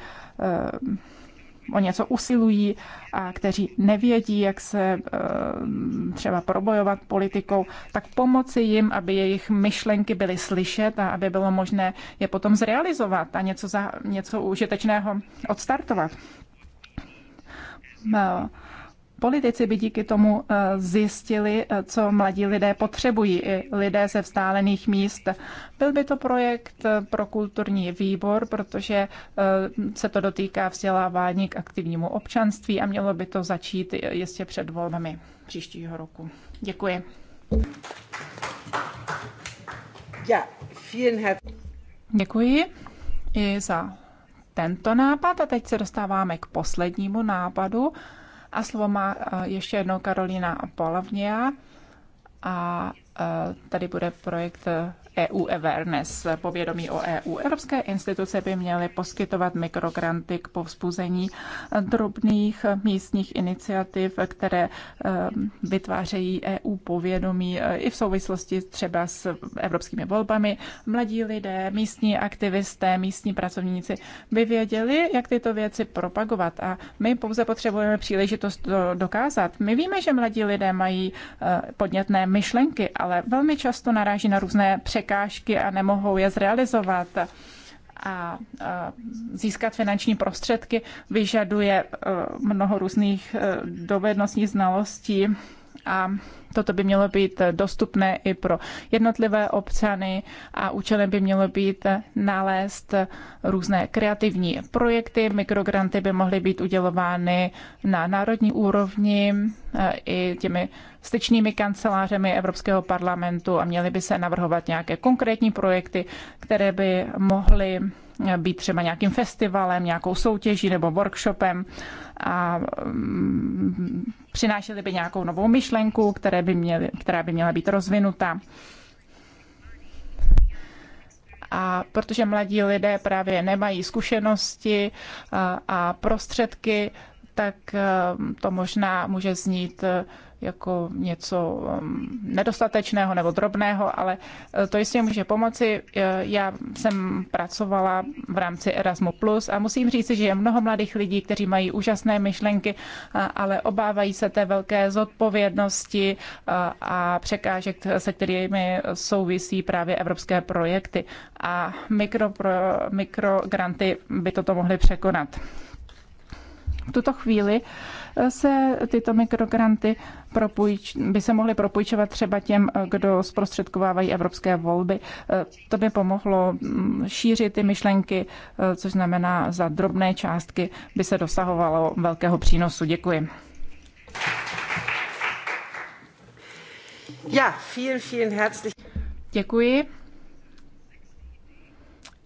[SPEAKER 4] o něco usilují a kteří nevědí, jak se eh, třeba probojovat politikou, tak pomoci jim, aby jejich myšlenky byly slyšet a aby bylo možné je potom zrealizovat a něco, za, něco užitečného odstartovat. No Politici by díky tomu eh, zjistili, eh, co mladí lidé potřebují, i lidé ze vzdálených míst. Byl by to projekt eh, pro kulturní výbor, protože se to dotýká vzdělávání k aktivnímu občanství a mělo by to začít jistě před volbami příštího roku. Děkuji. Děkuji i za tento nápad a teď se dostáváme k poslednímu nápadu a slovo má eh, ještě jednou Karolina Polavnia a eh, tady bude projekt eh, EU Awareness, povědomí o EU. Evropské instituce by měly poskytovat mikrogranty k povzbuzení drobných místních iniciativ, které ehm, vytvářejí EU povědomí eh, i v souvislosti třeba s evropskými volbami. Mladí lidé, místní aktivisté, místní pracovníci by věděli, jak tyto věci propagovat a my pouze potřebujeme příležitost to dokázat. My víme, že mladí lidé mají eh, podnětné myšlenky, ale velmi často naráží na různé překážky překážky a nemohou je zrealizovat a získat finanční prostředky vyžaduje mnoho různých dovedností, znalostí a toto by mělo být dostupné i pro jednotlivé občany a účelem by mělo být nalézt různé kreativní projekty. Mikrogranty by mohly být udělovány na národní úrovni eh, i těmi styčnými kancelářemi Evropského parlamentu a měly by se navrhovat nějaké konkrétní projekty, které by mohly být třeba nějakým festivalem, nějakou soutěží nebo workshopem a mm, přinášeli by nějakou novou myšlenku, které by měly, která by měla být rozvinuta. A protože mladí lidé právě nemají zkušenosti a prostředky, tak ehm, to možná může znít eh, jako něco ehm, nedostatečného nebo drobného, ale eh, to jistě může pomoci. Eh, já jsem pracovala v rámci Erasmu Plus a musím říct, že je mnoho mladých lidí, kteří mají úžasné myšlenky, ale obávají se té velké zodpovědnosti a překážek, se kterými souvisí právě evropské projekty. A mikro, by toto mohly překonat. V tuto chvíli eh, se tyto mikrogranty propůjč, by se mohly propůjčovat třeba těm, eh, kdo zprostředkovávají evropské volby. Eh, to by pomohlo mm, šířit ty myšlenky, což znamená, za drobné částky by se dosahovalo velkého přínosu. Děkuji. Ja, vielen, vielen herzlich. Děkuji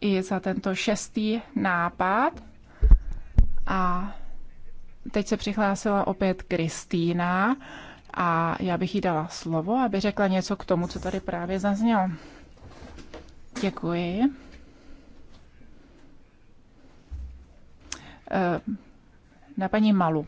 [SPEAKER 4] i za tento šestý nápad. A teď se přihlásila opět Kristýna a já bych jí dala slovo, aby řekla něco k tomu, co tady právě zaznělo. Děkuji. Eh, na paní Malu.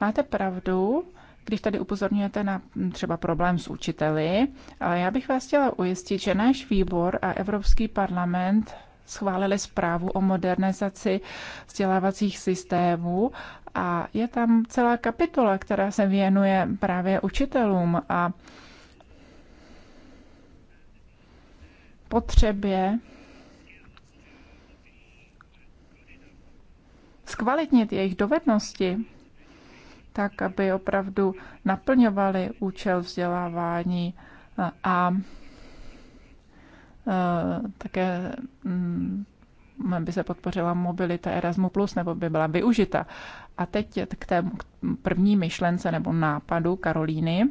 [SPEAKER 4] Máte pravdu, když tady upozorňujete na třeba problém s učiteli, ale já bych vás chtěla ujistit, že náš výbor a Evropský parlament schválili zprávu o modernizaci vzdělávacích systémů a je tam celá kapitola, která se věnuje právě učitelům a potřebě zkvalitnit jejich dovednosti, tak, aby opravdu naplňovali účel vzdělávání a Eh, také mm, by se podpořila mobilita plus nebo by byla využita. A teď k té první myšlence nebo nápadu Karolíny.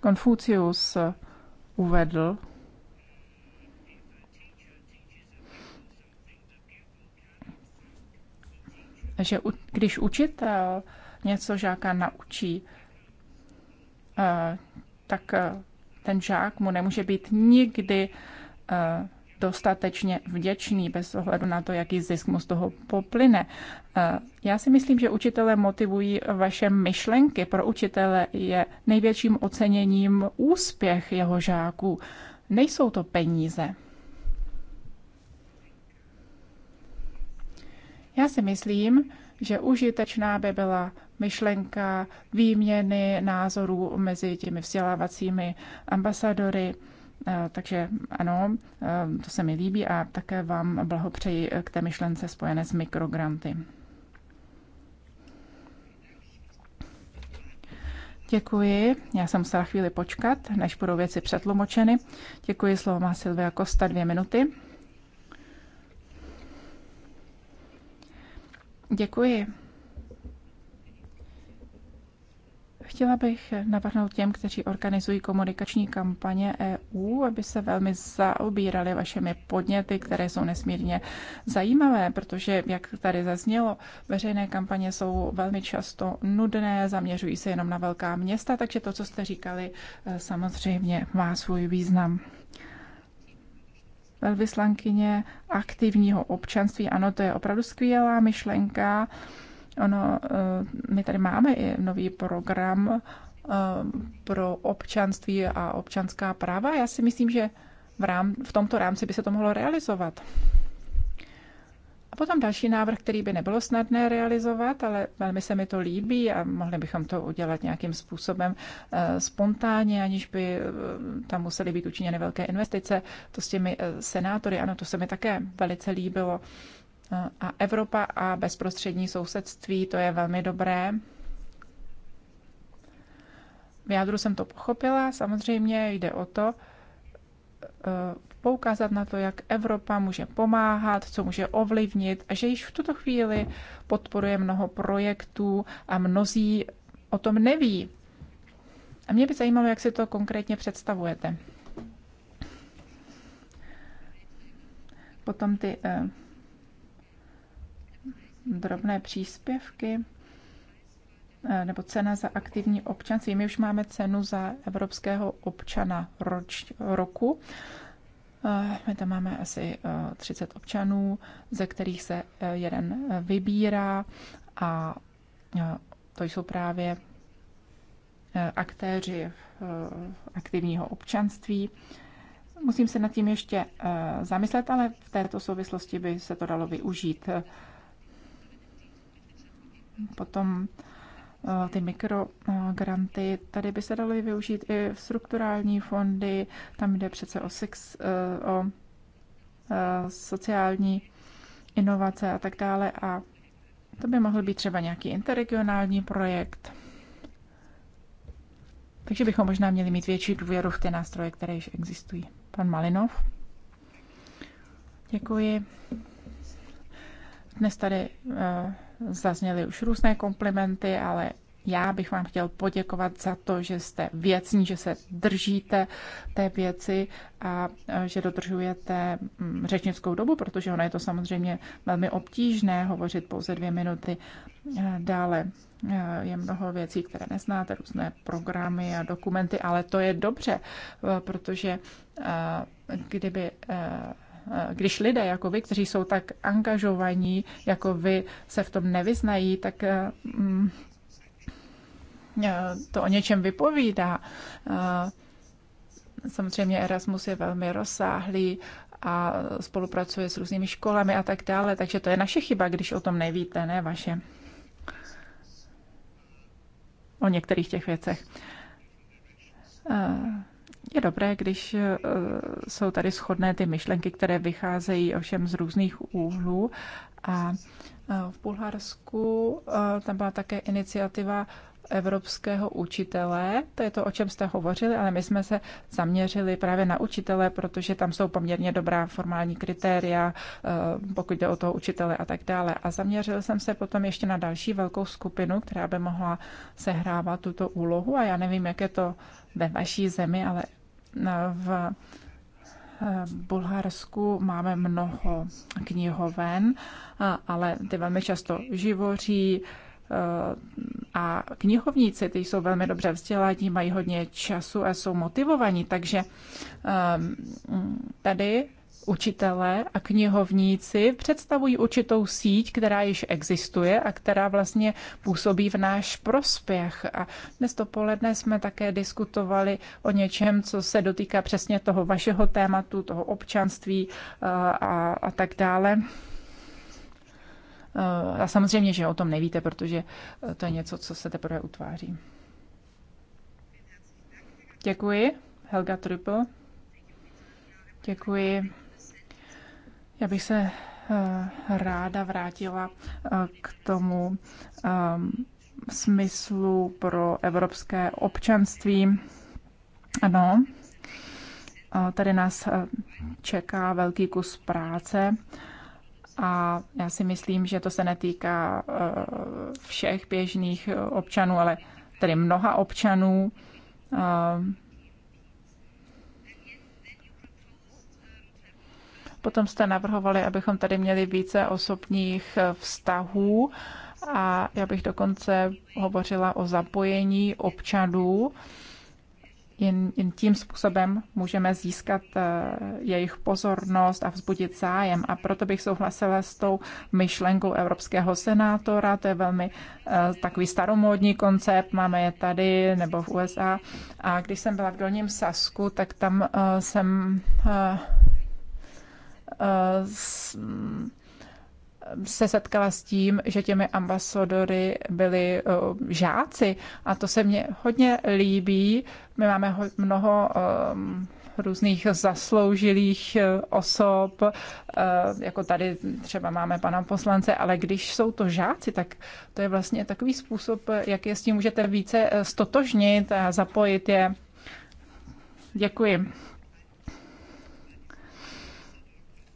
[SPEAKER 4] Konfucius uvedl, že když učitel něco žáka naučí, eh, tak eh, ten žák mu nemůže být nikdy eh, dostatečně vděčný bez ohledu na to, jaký zisk mu z toho poplyne. Eh, já si myslím, že učitele motivují vaše myšlenky. Pro učitele je největším oceněním úspěch jeho žáků. Nejsou to peníze. Já si myslím, že užitečná by byla myšlenka výměny názorů mezi těmi vzdělávacími ambasadory. Eh, takže ano, eh, to se mi líbí a také vám blahopřeji k té myšlence spojené s mikrogranty. Děkuji. Já jsem musela chvíli počkat, než budou věci přetlumočeny. Děkuji, slovo má Silvia Kosta, dvě minuty. Děkuji. Chtěla bych navrhnout těm, kteří organizují komunikační kampaně EU, aby se velmi zaobírali vašemi podněty, které jsou nesmírně zajímavé, protože, jak tady zaznělo, veřejné kampaně jsou velmi často nudné, zaměřují se jenom na velká města, takže to, co jste říkali, eh, samozřejmě má svůj význam velvyslankyně aktivního občanství. Ano, to je opravdu skvělá myšlenka. Ono, eh, my tady máme i nový program eh, pro občanství a občanská práva. Já si myslím, že v, rám, v tomto rámci by se to mohlo realizovat. A potom další návrh, který by nebylo snadné realizovat, ale velmi se mi to líbí a mohli bychom to udělat nějakým způsobem eh, spontánně, aniž by tam musely být učiněny velké investice. To s těmi senátory, ano, to se mi také velice líbilo. A Evropa a bezprostřední sousedství, to je velmi dobré. V jádru jsem to pochopila, samozřejmě jde o to, eh, poukázat na to, jak Evropa může pomáhat, co může ovlivnit a že již v tuto chvíli podporuje mnoho projektů a mnozí o tom neví. A mě by zajímalo, jak si to konkrétně představujete. Potom ty eh, drobné příspěvky eh, nebo cena za aktivní občanství. My už máme cenu za evropského občana roč, roku. Eh, my tam máme asi 30 eh, občanů, ze kterých se jeden vybírá a to jsou právě aktéři aktivního občanství. Musím se nad tím ještě zamyslet, ale v této souvislosti by se to dalo využít potom eh, ty mikrogranty. Tady by se daly využít i strukturální fondy, tam jde přece o, six, eh, o eh, sociální inovace a tak dále. A to by mohl být třeba nějaký interregionální projekt. Takže bychom možná měli mít větší důvěru v ty nástroje, které již existují. Pan Malinov. Děkuji. Dnes tady eh, zazněly už různé komplimenty, ale já bych vám chtěl poděkovat za to, že jste věcní, že se držíte té věci a eh, že dodržujete mm, řečnickou dobu, protože ono je to samozřejmě velmi obtížné hovořit pouze dvě minuty. Eh, dále je mnoho věcí, které neznáte, různé programy a dokumenty, ale to je dobře, protože kdyby Eh, když lidé jako vy, kteří jsou tak angažovaní, jako vy, se v tom nevyznají, tak eh, mm, eh, to o něčem vypovídá. Samozřejmě Erasmus je velmi rozsáhlý a spolupracuje s různými školami a tak dále, takže to je naše chyba, když o tom nevíte, ne vaše. O některých těch věcech. Je dobré, když eh, jsou tady shodné ty myšlenky, které vycházejí ovšem z různých úhlů. A eh, v Bulharsku eh, tam byla také iniciativa evropského učitele. To je to, o čem jste hovořili, ale my jsme se zaměřili právě na učitele, protože tam jsou poměrně dobrá formální kritéria, pokud jde o toho učitele a tak dále. A zaměřil jsem se potom ještě na další velkou skupinu, která by mohla sehrávat tuto úlohu a já nevím, jak je to ve vaší zemi, ale eh, v eh, Bulharsku máme mnoho knihoven, eh, ale ty velmi často živoří a knihovníci, ty jsou velmi dobře vzdělaní, mají hodně času a jsou motivovaní, takže tady Učitelé a knihovníci představují určitou síť, která již existuje a která vlastně působí v náš prospěch. A dnes dopoledne jsme také diskutovali o něčem, co se dotýká přesně toho vašeho tématu, toho občanství a, eh, a, a tak dále. Eh, a samozřejmě, že o tom nevíte, protože eh, to je něco, co se teprve utváří. Děkuji. Helga Triple. Děkuji. Já bych se eh, ráda vrátila eh, k tomu eh, smyslu pro evropské občanství. Ano, tady nás čeká velký kus práce a já si myslím, že to se netýká všech běžných občanů, ale tedy mnoha občanů Potom jste navrhovali, abychom tady měli více osobních eh, vztahů a já bych dokonce hovořila o zapojení občanů. Jen, jen tím způsobem můžeme získat eh, jejich pozornost a vzbudit zájem. A proto bych souhlasila s tou myšlenkou evropského senátora. To je velmi eh, takový staromódní koncept, máme je tady nebo v USA. A když jsem byla v Dolním Sasku, tak tam jsem Eh, se setkala s tím, že těmi ambasadory byli eh, žáci a to se mně hodně líbí. My máme mnoho eh, různých zasloužilých osob, jako tady třeba máme pana poslance, ale když jsou to žáci, tak to je vlastně takový způsob, jak je s tím můžete více stotožnit a zapojit je. Děkuji.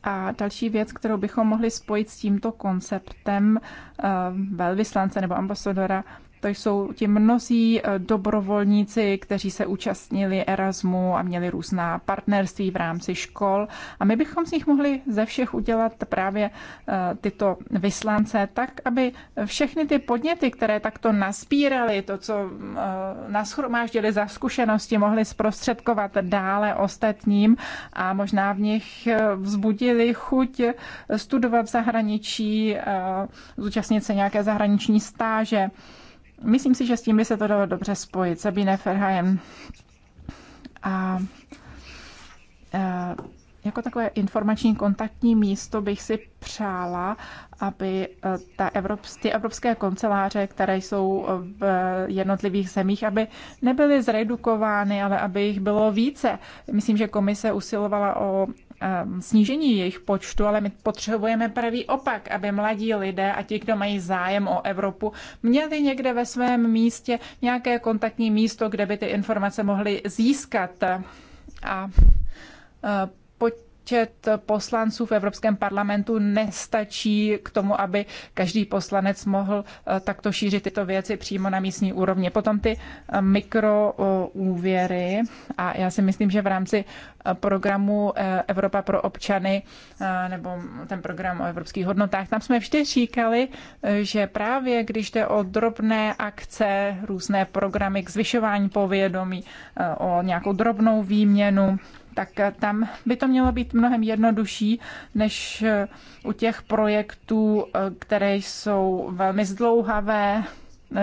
[SPEAKER 4] A další věc, kterou bychom mohli spojit s tímto konceptem eh, velvyslance nebo ambasadora, to jsou ti mnozí eh, dobrovolníci, kteří se účastnili Erasmu a měli různá partnerství v rámci škol. A my bychom z nich mohli ze všech udělat právě eh, tyto vyslance tak, aby všechny ty podněty, které takto naspírali, to, co eh, nashromáždili za zkušenosti, mohli zprostředkovat dále ostatním a možná v nich vzbudili chuť studovat v zahraničí, zúčastnit se nějaké zahraniční stáže Myslím si, že s tím by se to dalo dobře spojit. Sabine Ferhajem. A, a e, jako takové informační kontaktní místo bych si přála, aby e, ta Evrops, ty evropské kanceláře, které jsou v jednotlivých zemích, aby nebyly zredukovány, ale aby jich bylo více. Myslím, že komise usilovala o Um, snížení jejich počtu, ale my potřebujeme pravý opak, aby mladí lidé a ti, kdo mají zájem o Evropu, měli někde ve svém místě nějaké kontaktní místo, kde by ty informace mohli získat. A počet poslanců v Evropském parlamentu nestačí k tomu, aby každý poslanec mohl eh, takto šířit tyto věci přímo na místní úrovni. Potom ty eh, mikroúvěry a já si myslím, že v rámci eh, programu Evropa pro občany nebo ten program o evropských hodnotách, tam jsme vždy říkali, že právě když jde o drobné akce, různé programy k zvyšování povědomí, o nějakou drobnou výměnu, tak tam by to mělo být mnohem jednodušší než eh, u těch projektů, eh, které jsou velmi zdlouhavé,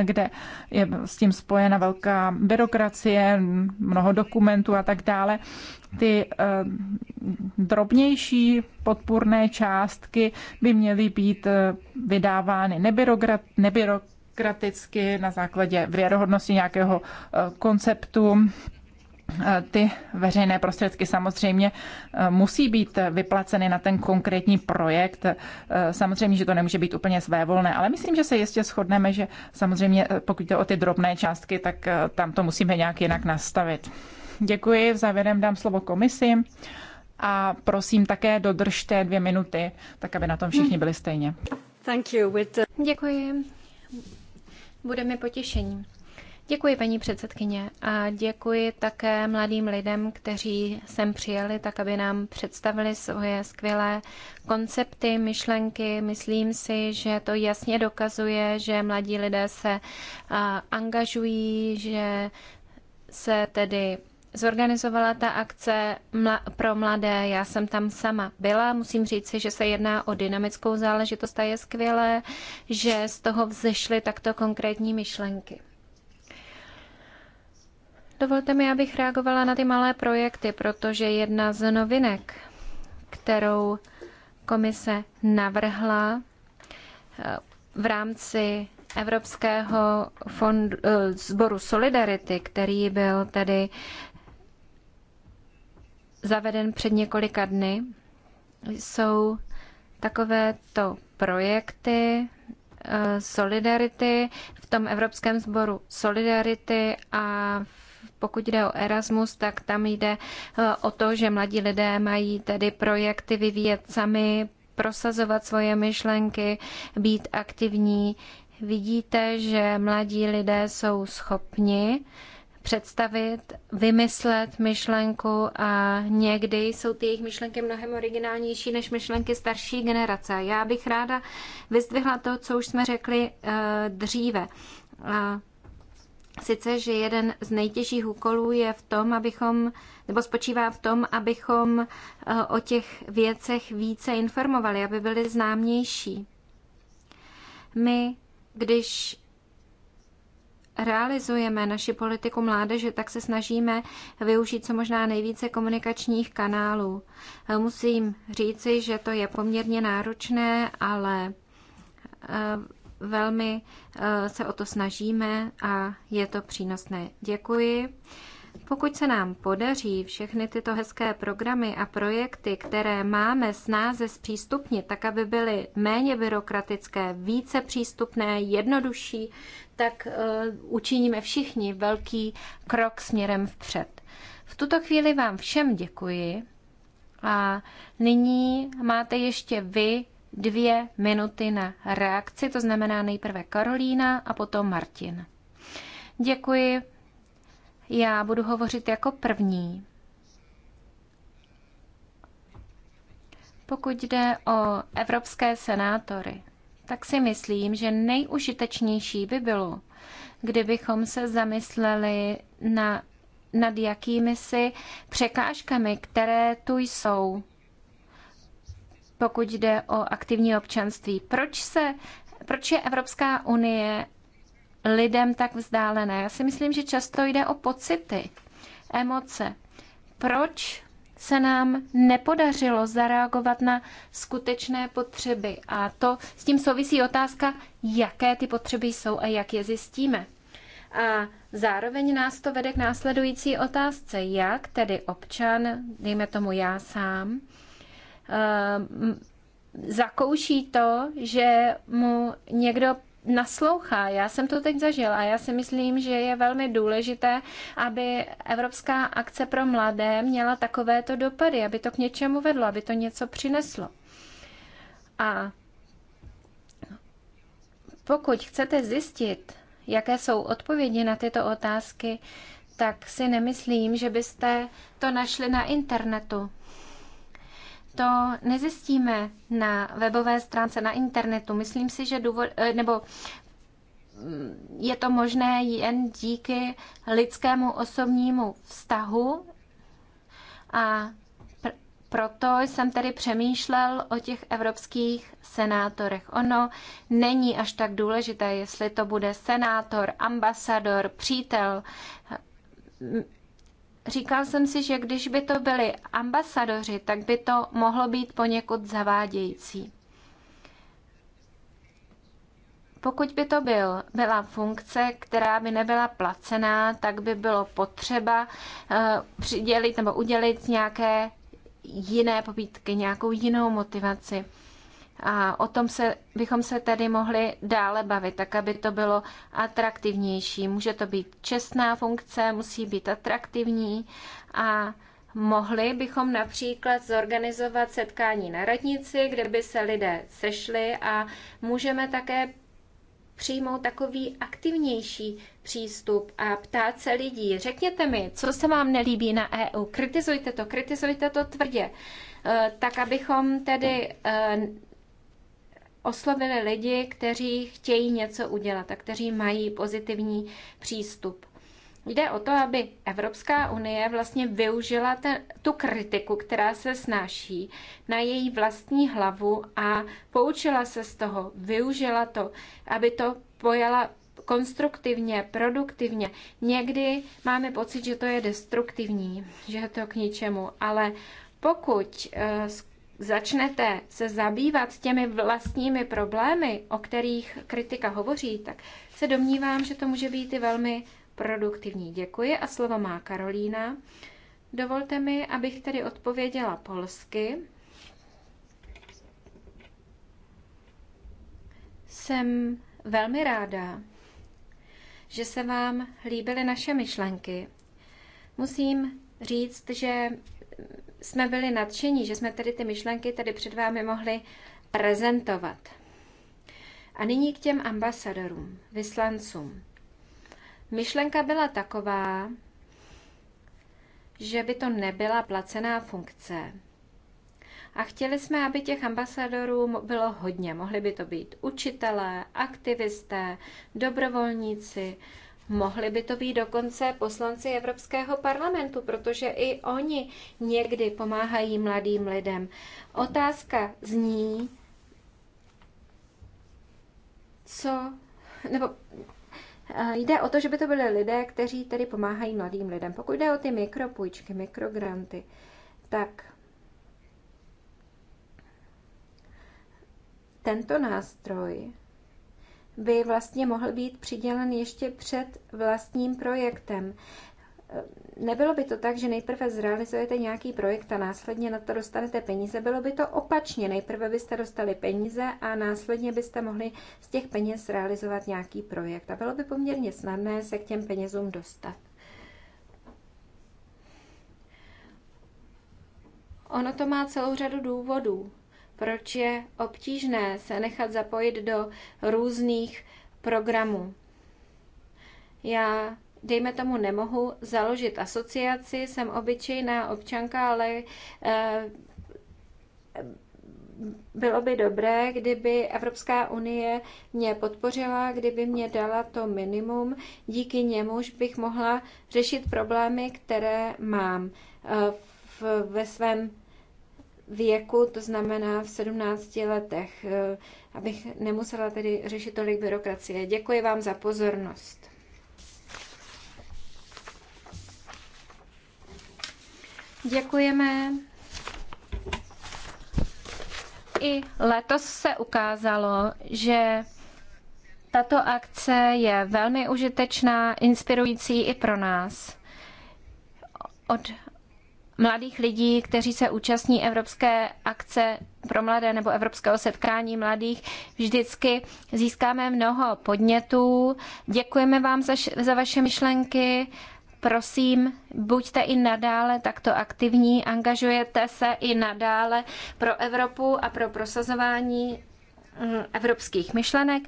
[SPEAKER 4] kde je s tím spojena velká byrokracie, mnoho dokumentů a tak dále. Ty eh, drobnější podpůrné částky by měly být vydávány nebyrokraticky na základě věrohodnosti nějakého konceptu Eh, ty veřejné prostředky samozřejmě eh, musí být vyplaceny na ten konkrétní projekt. Eh, samozřejmě, že to nemůže být úplně svévolné, ale myslím, že se jistě shodneme, že samozřejmě pokud jde o ty drobné částky, tak tam to musíme nějak jinak nastavit. Děkuji, v závěrem dám slovo komisi a prosím také dodržte dvě minuty, tak aby na tom všichni byli stejně.
[SPEAKER 1] Thank you. Děkuji. Budeme mi potěšením. Děkuji, paní předsedkyně, a děkuji také mladým lidem, kteří sem přijeli, tak aby nám představili svoje skvělé koncepty, myšlenky. Myslím si, že to jasně dokazuje, že mladí lidé se angažují, že se tedy zorganizovala ta akce pro mladé. Já jsem tam sama byla. Musím říct si, že se jedná o dynamickou záležitost a je skvělé, že z toho vzešly takto konkrétní myšlenky. Dovolte mi, abych reagovala na ty malé projekty, protože jedna z novinek, kterou komise navrhla eh, v rámci Evropského fondu, zboru eh, Solidarity, který byl tedy zaveden před několika dny, jsou takovéto projekty eh, Solidarity v tom Evropském sboru Solidarity a v pokud jde o Erasmus, tak tam jde eh, o to, že mladí lidé mají tedy projekty vyvíjet sami, prosazovat svoje myšlenky, být aktivní. Vidíte, že mladí lidé jsou schopni představit, vymyslet myšlenku a někdy jsou ty jejich myšlenky mnohem originálnější než myšlenky starší generace. Já bych ráda vyzdvihla to, co už jsme řekli eh, dříve. Eh, sice, že jeden z nejtěžších úkolů je v tom, abychom, nebo spočívá v tom, abychom eh, o těch věcech více informovali, aby byly známější. My, když realizujeme naši politiku mládeže, tak se snažíme využít co možná nejvíce komunikačních kanálů. Eh, musím říci, že to je poměrně náročné, ale eh, velmi eh, se o to snažíme a je to přínosné. Děkuji. Pokud se nám podaří všechny tyto hezké programy a projekty, které máme snáze zpřístupnit, tak aby byly méně byrokratické, více přístupné, jednodušší, tak eh, učiníme všichni velký krok směrem vpřed. V tuto chvíli vám všem děkuji a nyní máte ještě vy dvě minuty na reakci, to znamená nejprve Karolína a potom Martin. Děkuji. Já budu hovořit jako první. Pokud jde o evropské senátory, tak si myslím, že nejužitečnější by bylo, kdybychom se zamysleli na, nad jakými si překážkami, které tu jsou pokud jde o aktivní občanství. Proč, se, proč je Evropská unie lidem tak vzdálené? Já si myslím, že často jde o pocity, emoce. Proč se nám nepodařilo zareagovat na skutečné potřeby. A to s tím souvisí otázka, jaké ty potřeby jsou a jak je zjistíme. A zároveň nás to vede k následující otázce, jak tedy občan, dejme tomu já sám, Eh, zakouší to, že mu někdo naslouchá. Já jsem to teď zažila. Já si myslím, že je velmi důležité, aby Evropská akce pro mladé měla takovéto dopady, aby to k něčemu vedlo, aby to něco přineslo. A pokud chcete zjistit, jaké jsou odpovědi na tyto otázky, tak si nemyslím, že byste to našli na internetu to nezjistíme na webové stránce, na internetu. Myslím si, že důvod, eh, nebo mm, je to možné jen díky lidskému osobnímu vztahu a pr- proto jsem tedy přemýšlel o těch evropských senátorech. Ono není až tak důležité, jestli to bude senátor, ambasador, přítel říkal jsem si, že když by to byli ambasadoři, tak by to mohlo být poněkud zavádějící. Pokud by to byl, byla funkce, která by nebyla placená, tak by bylo potřeba uh, přidělit nebo udělit nějaké jiné pobídky, nějakou jinou motivaci. A o tom se, bychom se tedy mohli dále bavit, tak aby to bylo atraktivnější. Může to být čestná funkce, musí být atraktivní a mohli bychom například zorganizovat setkání na radnici, kde by se lidé sešli a můžeme také přijmout takový aktivnější přístup a ptát se lidí, řekněte mi, co se vám nelíbí na EU, kritizujte to, kritizujte to tvrdě, eh, tak abychom tedy eh, oslovili lidi, kteří chtějí něco udělat a kteří mají pozitivní přístup. Jde o to, aby Evropská unie vlastně využila te, tu kritiku, která se snáší na její vlastní hlavu a poučila se z toho, využila to, aby to pojala konstruktivně, produktivně. Někdy máme pocit, že to je destruktivní, že je to k ničemu, ale pokud uh, začnete se zabývat těmi vlastními problémy, o kterých kritika hovoří, tak se domnívám, že to může být i velmi produktivní. Děkuji a slovo má Karolína. Dovolte mi, abych tedy odpověděla polsky. Jsem velmi ráda, že se vám líbily naše myšlenky. Musím říct, že jsme byli nadšení, že jsme tedy ty myšlenky tady před vámi mohli prezentovat. A nyní k těm ambasadorům, vyslancům. Myšlenka byla taková, že by to nebyla placená funkce. A chtěli jsme, aby těch ambasadorů bylo hodně. Mohli by to být učitelé, aktivisté, dobrovolníci, Mohli by to být dokonce poslanci Evropského parlamentu, protože i oni někdy pomáhají mladým lidem. Otázka zní, co, nebo eh, Jde o to, že by to byly lidé, kteří tedy pomáhají mladým lidem. Pokud jde o ty mikropůjčky, mikrogranty, tak tento nástroj by vlastně mohl být přidělen ještě před vlastním projektem. Nebylo by to tak, že nejprve zrealizujete nějaký projekt a následně na to dostanete peníze. Bylo by to opačně. Nejprve byste dostali peníze a následně byste mohli z těch peněz realizovat nějaký projekt. A bylo by poměrně snadné se k těm penězům dostat. Ono to má celou řadu důvodů proč je obtížné se nechat zapojit do různých programů. Já, dejme tomu, nemohu založit asociaci, jsem obyčejná občanka, ale eh, bylo by dobré, kdyby Evropská unie mě podpořila, kdyby mě dala to minimum, díky němuž bych mohla řešit problémy, které mám eh, v, ve svém věku, to znamená v 17 letech, eh, abych nemusela tedy řešit tolik byrokracie. Děkuji vám za pozornost. Děkujeme. I letos se ukázalo, že tato akce je velmi užitečná, inspirující i pro nás. Od mladých lidí, kteří se účastní Evropské akce pro mladé nebo Evropského setkání mladých. Vždycky získáme mnoho podnětů. Děkujeme vám za, za vaše myšlenky. Prosím, buďte i nadále takto aktivní, angažujete se i nadále pro Evropu a pro prosazování mm, evropských myšlenek.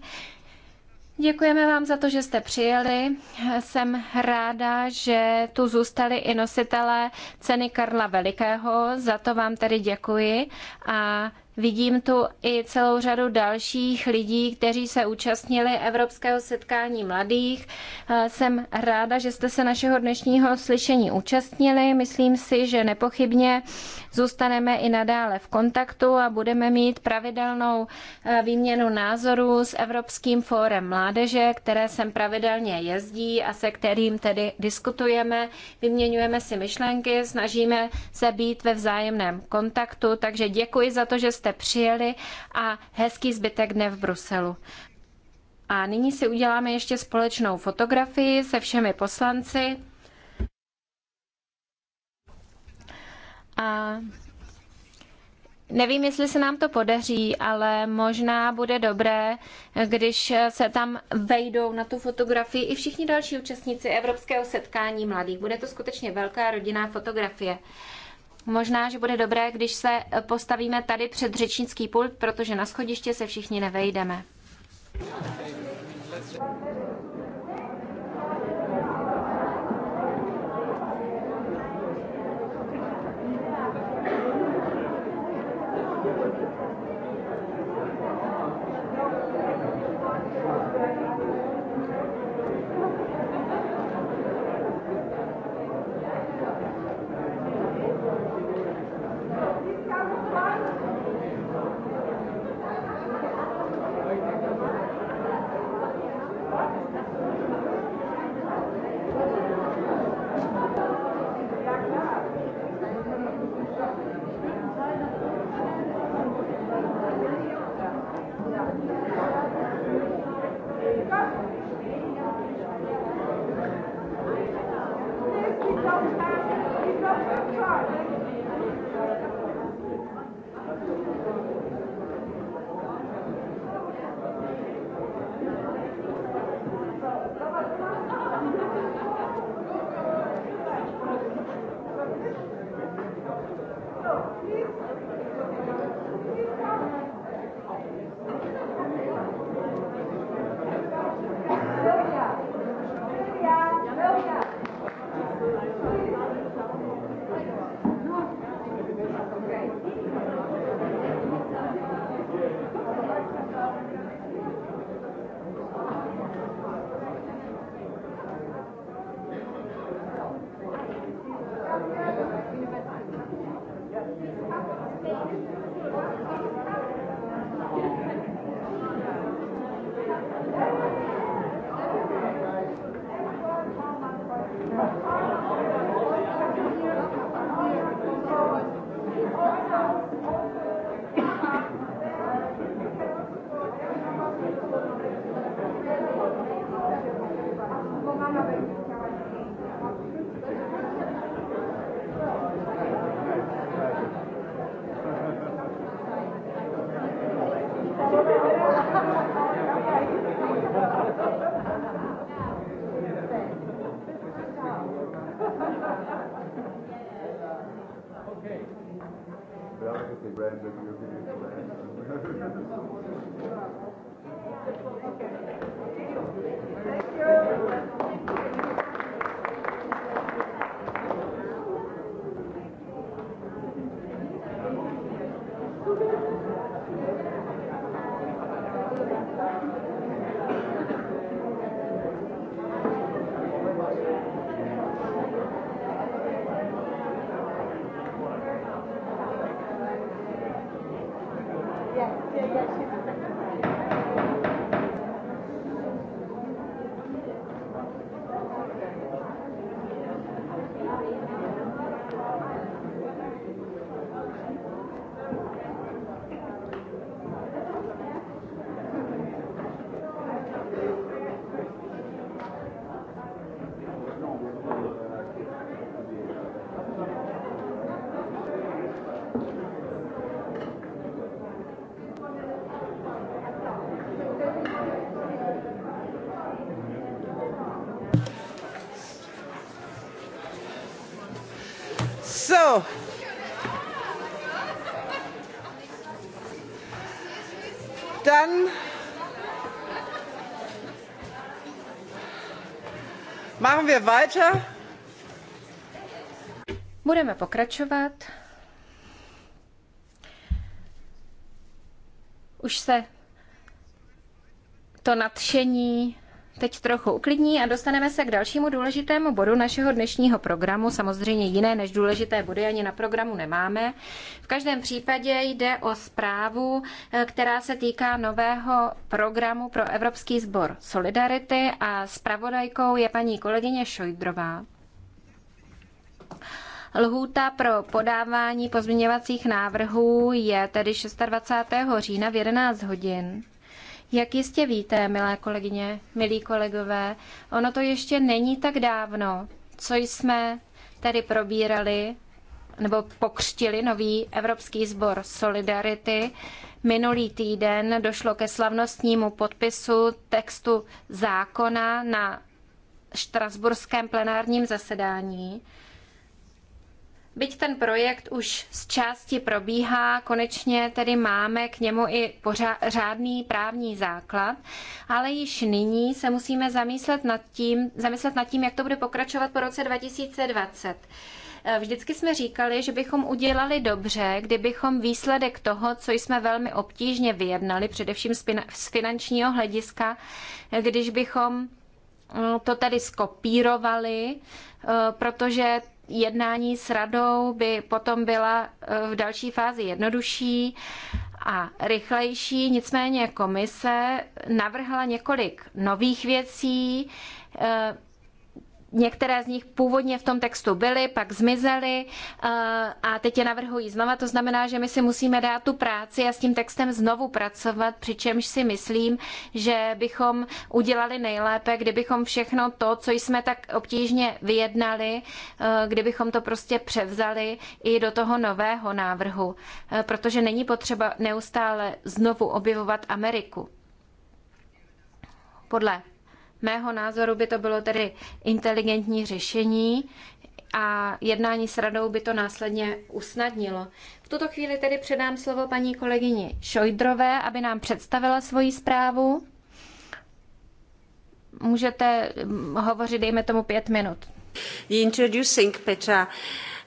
[SPEAKER 1] Děkujeme vám za to, že jste přijeli. Jsem ráda, že tu zůstali i nositelé ceny Karla Velikého. Za to vám tedy děkuji a Vidím tu i celou řadu dalších lidí, kteří se účastnili Evropského setkání mladých. Eh, jsem ráda, že jste se našeho dnešního slyšení účastnili. Myslím si, že nepochybně zůstaneme i nadále v kontaktu a budeme mít pravidelnou eh, výměnu názorů s Evropským fórem mládeže, které sem pravidelně jezdí a se kterým tedy diskutujeme, vyměňujeme si myšlenky, snažíme se být ve vzájemném kontaktu. Takže děkuji za to, že jste jste přijeli a hezký zbytek dne v Bruselu. A nyní si uděláme ještě společnou fotografii se všemi poslanci. A Nevím, jestli se nám to podaří, ale možná bude dobré, když se tam vejdou na tu fotografii i všichni další účastníci Evropského setkání mladých. Bude to skutečně velká rodinná fotografie. Možná, že bude dobré, když se postavíme tady před řečnický pult, protože na schodiště se všichni nevejdeme.
[SPEAKER 4] machen wir weiter.
[SPEAKER 1] Budeme pokračovat. Už se to nadšení teď trochu uklidní a dostaneme se k dalšímu důležitému bodu našeho dnešního programu. Samozřejmě jiné než důležité body ani na programu nemáme. V každém případě jde o zprávu, eh, která se týká nového programu pro Evropský sbor Solidarity a zpravodajkou je paní kolegyně Šojdrová. Lhůta pro podávání pozměňovacích návrhů je tedy 26. října v 11 hodin. Jak jistě víte, milé kolegyně, milí kolegové, ono to ještě není tak dávno, co jsme tady probírali nebo pokřtili nový Evropský sbor Solidarity. Minulý týden došlo ke slavnostnímu podpisu textu zákona na štrasburském plenárním zasedání. Byť ten projekt už z části probíhá, konečně tedy máme k němu i pořádný řádný právní základ, ale již nyní se musíme zamyslet nad tím, zamyslet nad tím, jak to bude pokračovat po roce 2020. Eh, vždycky jsme říkali, že bychom udělali dobře, kdybychom výsledek toho, co jsme velmi obtížně vyjednali, především z finančního hlediska, eh, když bychom eh, to tedy skopírovali, protože jednání s radou by potom byla eh, v další fázi jednodušší a rychlejší. Nicméně komise navrhla několik nových věcí, eh, Některé z nich původně v tom textu byly, pak zmizely eh, a teď je navrhují znova. To znamená, že my si musíme dát tu práci a s tím textem znovu pracovat, přičemž si myslím, že bychom udělali nejlépe, kdybychom všechno to, co jsme tak obtížně vyjednali, eh, kdybychom to prostě převzali i do toho nového návrhu, eh, protože není potřeba neustále znovu objevovat Ameriku. Podle mého názoru by to bylo tedy inteligentní řešení a jednání s radou by to následně usnadnilo. V tuto chvíli tedy předám slovo paní kolegyni Šojdrové, aby nám představila svoji zprávu. Můžete hm, hovořit, dejme tomu, pět minut.
[SPEAKER 3] Introducing Petra.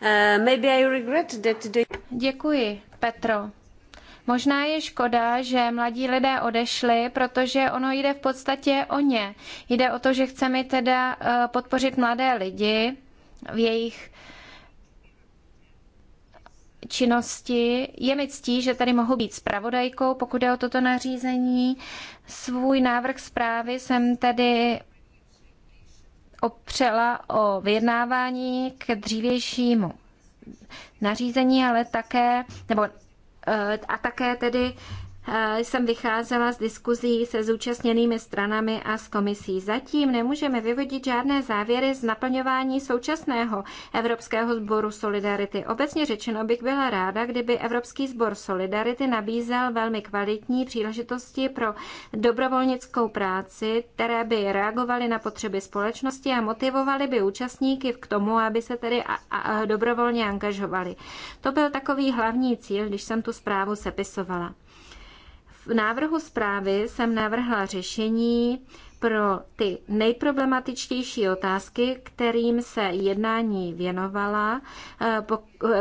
[SPEAKER 3] Uh, maybe I regret that Děkuji,
[SPEAKER 1] Petro. Možná je škoda, že mladí lidé odešli, protože ono jde v podstatě o ně. Jde o to, že chceme teda eh, podpořit mladé lidi v jejich činnosti. Je mi ctí, že tady mohu být spravodajkou, pokud je o toto nařízení. Svůj návrh zprávy jsem tedy opřela o vyjednávání k dřívějšímu nařízení, ale také, nebo Eh, a také tedy jsem vycházela z diskuzí se zúčastněnými stranami a s komisí. Zatím nemůžeme vyvodit žádné závěry z naplňování současného Evropského sboru Solidarity. Obecně řečeno bych byla ráda, kdyby Evropský sbor Solidarity nabízel velmi kvalitní příležitosti pro dobrovolnickou práci, které by reagovaly na potřeby společnosti a motivovaly by účastníky k tomu, aby se tedy a, a dobrovolně angažovali. To byl takový hlavní cíl, když jsem tu zprávu sepisovala. V návrhu zprávy jsem navrhla řešení pro ty nejproblematičtější otázky, kterým se jednání věnovala, eh,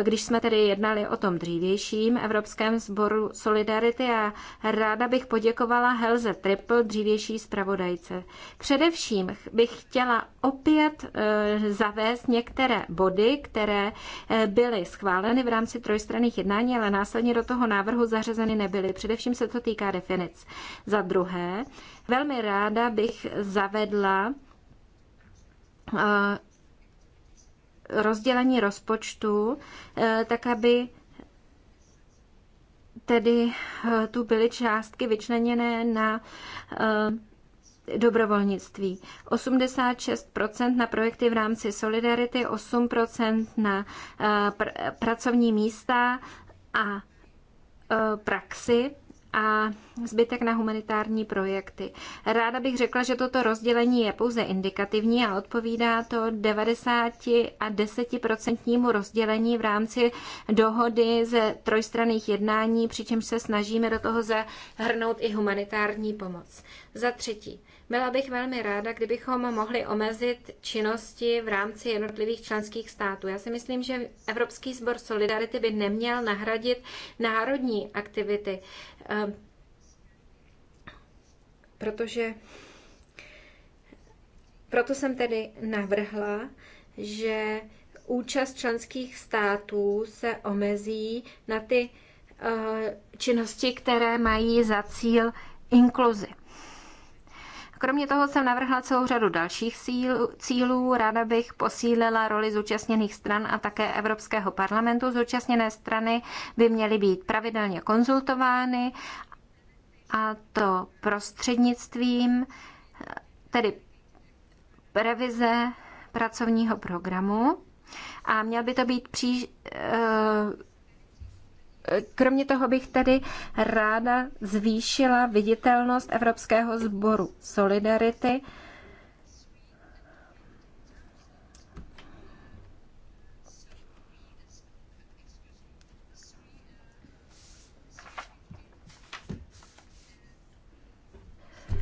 [SPEAKER 1] když jsme tedy jednali o tom dřívějším Evropském sboru Solidarity a ráda bych poděkovala Helze Triple, dřívější zpravodajce. Především bych chtěla opět eh, zavést některé body, které eh, byly schváleny v rámci trojstranných jednání, ale následně do toho návrhu zařazeny nebyly. Především se to týká definic. Za druhé, velmi ráda bych zavedla eh, rozdělení rozpočtu, eh, tak aby tedy eh, tu byly částky vyčleněné na eh, dobrovolnictví. 86% na projekty v rámci Solidarity, 8% na pr- pracovní místa a praxi a zbytek na humanitární projekty. Ráda bych řekla, že toto rozdělení je pouze indikativní a odpovídá to 90 a 10% rozdělení v rámci dohody ze trojstranných jednání, přičemž se snažíme do toho zahrnout i humanitární pomoc. Za třetí, byla bych velmi ráda, kdybychom mohli omezit činnosti v rámci jednotlivých členských států. Já si myslím, že Evropský sbor Solidarity by neměl nahradit národní aktivity, ehm, protože proto jsem tedy navrhla, že účast členských států se omezí na ty eh, činnosti, které mají za cíl inkluzi. Kromě toho jsem navrhla celou řadu dalších cílů. Ráda bych posílila roli zúčastněných stran a také Evropského parlamentu. Zúčastněné strany by měly být pravidelně konzultovány a to prostřednictvím tedy revize pracovního programu a měl by to být pří, eh, Kromě toho bych tedy ráda zvýšila viditelnost Evropského sboru Solidarity.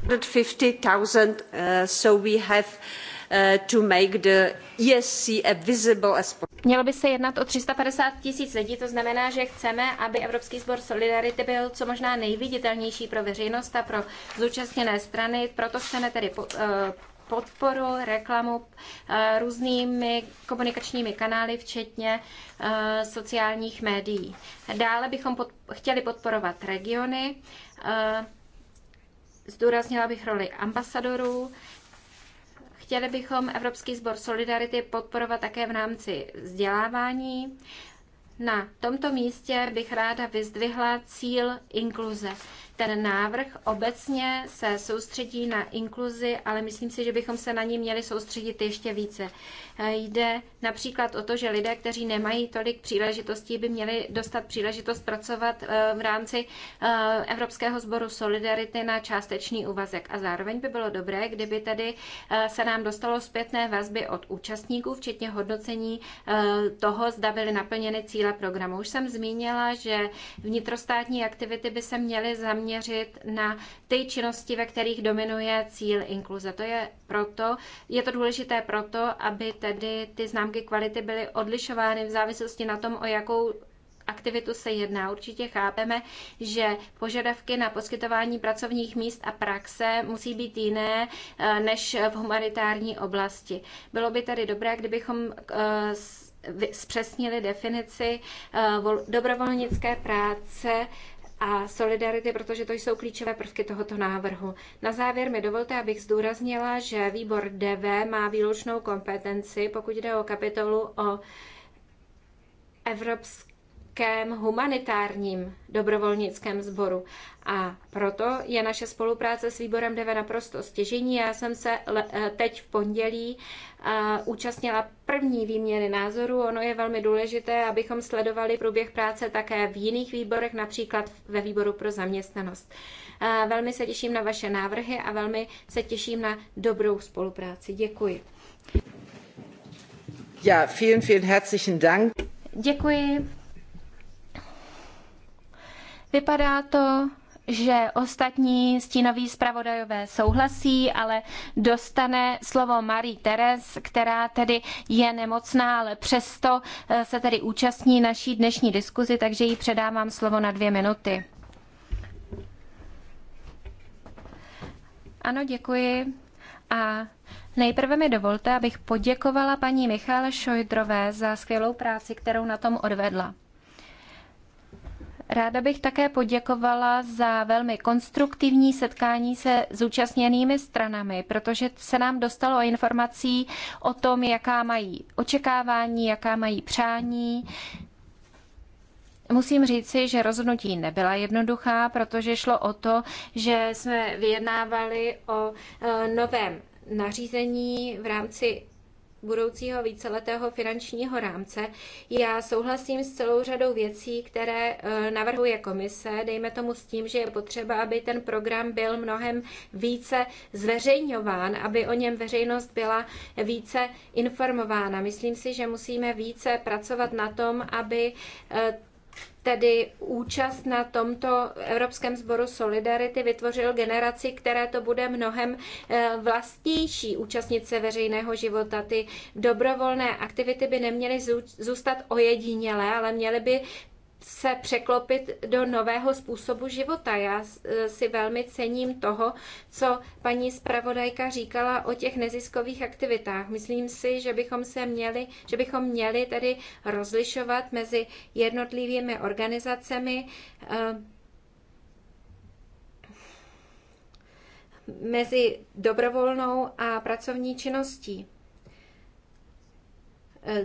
[SPEAKER 3] uh, so we have Eh, to make the ESC visible as possible.
[SPEAKER 1] Mělo by se jednat o 350 tisíc lidí, to znamená, že chceme, aby Evropský sbor Solidarity byl co možná nejviditelnější pro veřejnost a pro zúčastněné strany, proto chceme tedy eh, podporu, reklamu eh, různými komunikačními kanály, včetně sociálních médií. Dále bychom pod, chtěli podporovat regiony, zdůraznila bych roli ambasadorů, Chtěli bychom Evropský sbor Solidarity podporovat také v rámci vzdělávání. Na tomto místě bych ráda vyzdvihla cíl inkluze. Ten návrh obecně se soustředí na inkluzi, ale myslím si, že bychom se na ní měli soustředit ještě více. Eh, jde například o to, že lidé, kteří nemají tolik příležitostí, by měli dostat příležitost pracovat eh, v rámci eh, Evropského sboru Solidarity na částečný úvazek. A zároveň by bylo dobré, kdyby tedy se nám dostalo zpětné vazby od účastníků, včetně hodnocení toho, zda byly naplněny cíle programu. Už jsem zmínila, že vnitrostátní aktivity by se měly zaměřit zaměřit na ty činnosti, ve kterých dominuje cíl inkluze. To je proto, je to důležité proto, aby tedy ty známky kvality byly odlišovány v závislosti na tom, o jakou aktivitu se jedná. Určitě chápeme, že požadavky na poskytování pracovních míst a praxe musí být jiné eh, než v humanitární oblasti. Bylo by tady dobré, kdybychom eh, zpřesnili definici eh, dobrovolnické práce a solidarity, protože to jsou klíčové prvky tohoto návrhu. Na závěr mi dovolte, abych zdůraznila, že výbor DV má výlučnou kompetenci, pokud jde o kapitolu o Evropském humanitárním dobrovolnickém sboru. A proto je naše spolupráce s výborem DV naprosto stěžení. Já jsem se eh, teď v pondělí účastnila první výměny názoru. Ono je velmi důležité, abychom sledovali průběh práce také v jiných výborech, například ve výboru pro zaměstnanost. Velmi se těším na vaše návrhy a velmi se těším na dobrou spolupráci. Děkuji.
[SPEAKER 4] Ja, vielen, vielen herzlichen Dank.
[SPEAKER 1] Děkuji. Vypadá to, že ostatní stínoví zpravodajové souhlasí, ale dostane slovo Marie Teres, která tedy je nemocná, ale přesto eh, se tedy účastní naší dnešní diskuzi, takže jí předávám slovo na dvě minuty. Ano, děkuji. A nejprve mi dovolte, abych poděkovala paní Michále Šojdrové za skvělou práci, kterou na tom odvedla. Ráda bych také poděkovala za velmi konstruktivní setkání se zúčastněnými stranami, protože se nám dostalo informací o tom, jaká mají očekávání, jaká mají přání. Musím říci, že rozhodnutí nebyla jednoduchá, protože šlo o to, že jsme vyjednávali o e, novém nařízení v rámci budoucího víceletého finančního rámce. Já souhlasím s celou řadou věcí, které eh, navrhuje komise, dejme tomu s tím, že je potřeba, aby ten program byl mnohem více zveřejňován, aby o něm veřejnost byla více informována. Myslím si, že musíme více pracovat na tom, aby eh, tedy účast na tomto Evropském sboru Solidarity vytvořil generaci, které to bude mnohem eh, vlastnější účastnice veřejného života. Ty dobrovolné aktivity by neměly zůstat ojedinělé, ale měly by se překlopit do nového způsobu života. Já eh, si velmi cením toho, co paní zpravodajka říkala o těch neziskových aktivitách. Myslím si, že bychom se měli, že bychom měli tedy rozlišovat mezi jednotlivými organizacemi, eh, mezi dobrovolnou a pracovní činností.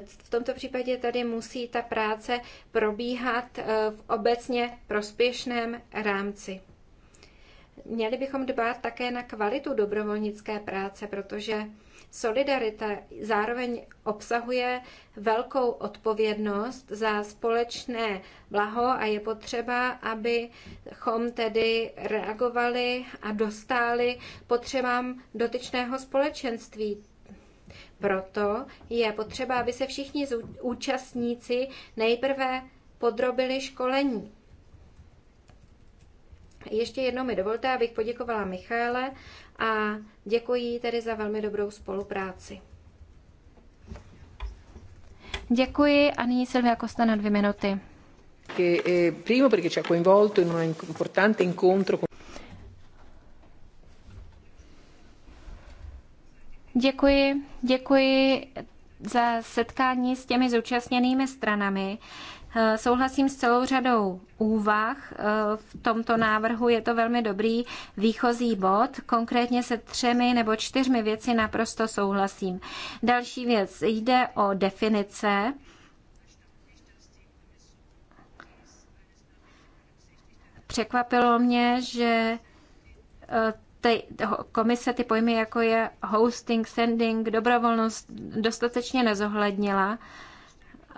[SPEAKER 1] V tomto případě tady musí ta práce probíhat eh, v obecně prospěšném rámci. Měli bychom dbát také na kvalitu dobrovolnické práce, protože solidarita zároveň obsahuje velkou odpovědnost za společné blaho a je potřeba, abychom tedy reagovali a dostáli potřebám dotyčného společenství. Proto je potřeba, aby se všichni účastníci nejprve podrobili školení. Ještě jednou mi dovolte, abych poděkovala Michále a děkuji tedy za velmi dobrou spolupráci. Děkuji a nyní Silvia Kosta na dvě minuty.
[SPEAKER 2] E, e, primo protože ci ha coinvolto in un importante incontro
[SPEAKER 1] Děkuji, děkuji za setkání s těmi zúčastněnými stranami. Eh, souhlasím s celou řadou úvah eh, v tomto návrhu. Je to velmi dobrý výchozí bod. Konkrétně se třemi nebo čtyřmi věci naprosto souhlasím. Další věc jde o definice. Překvapilo mě, že eh, ty, komise ty pojmy, jako je hosting, sending, dobrovolnost, dostatečně nezohlednila.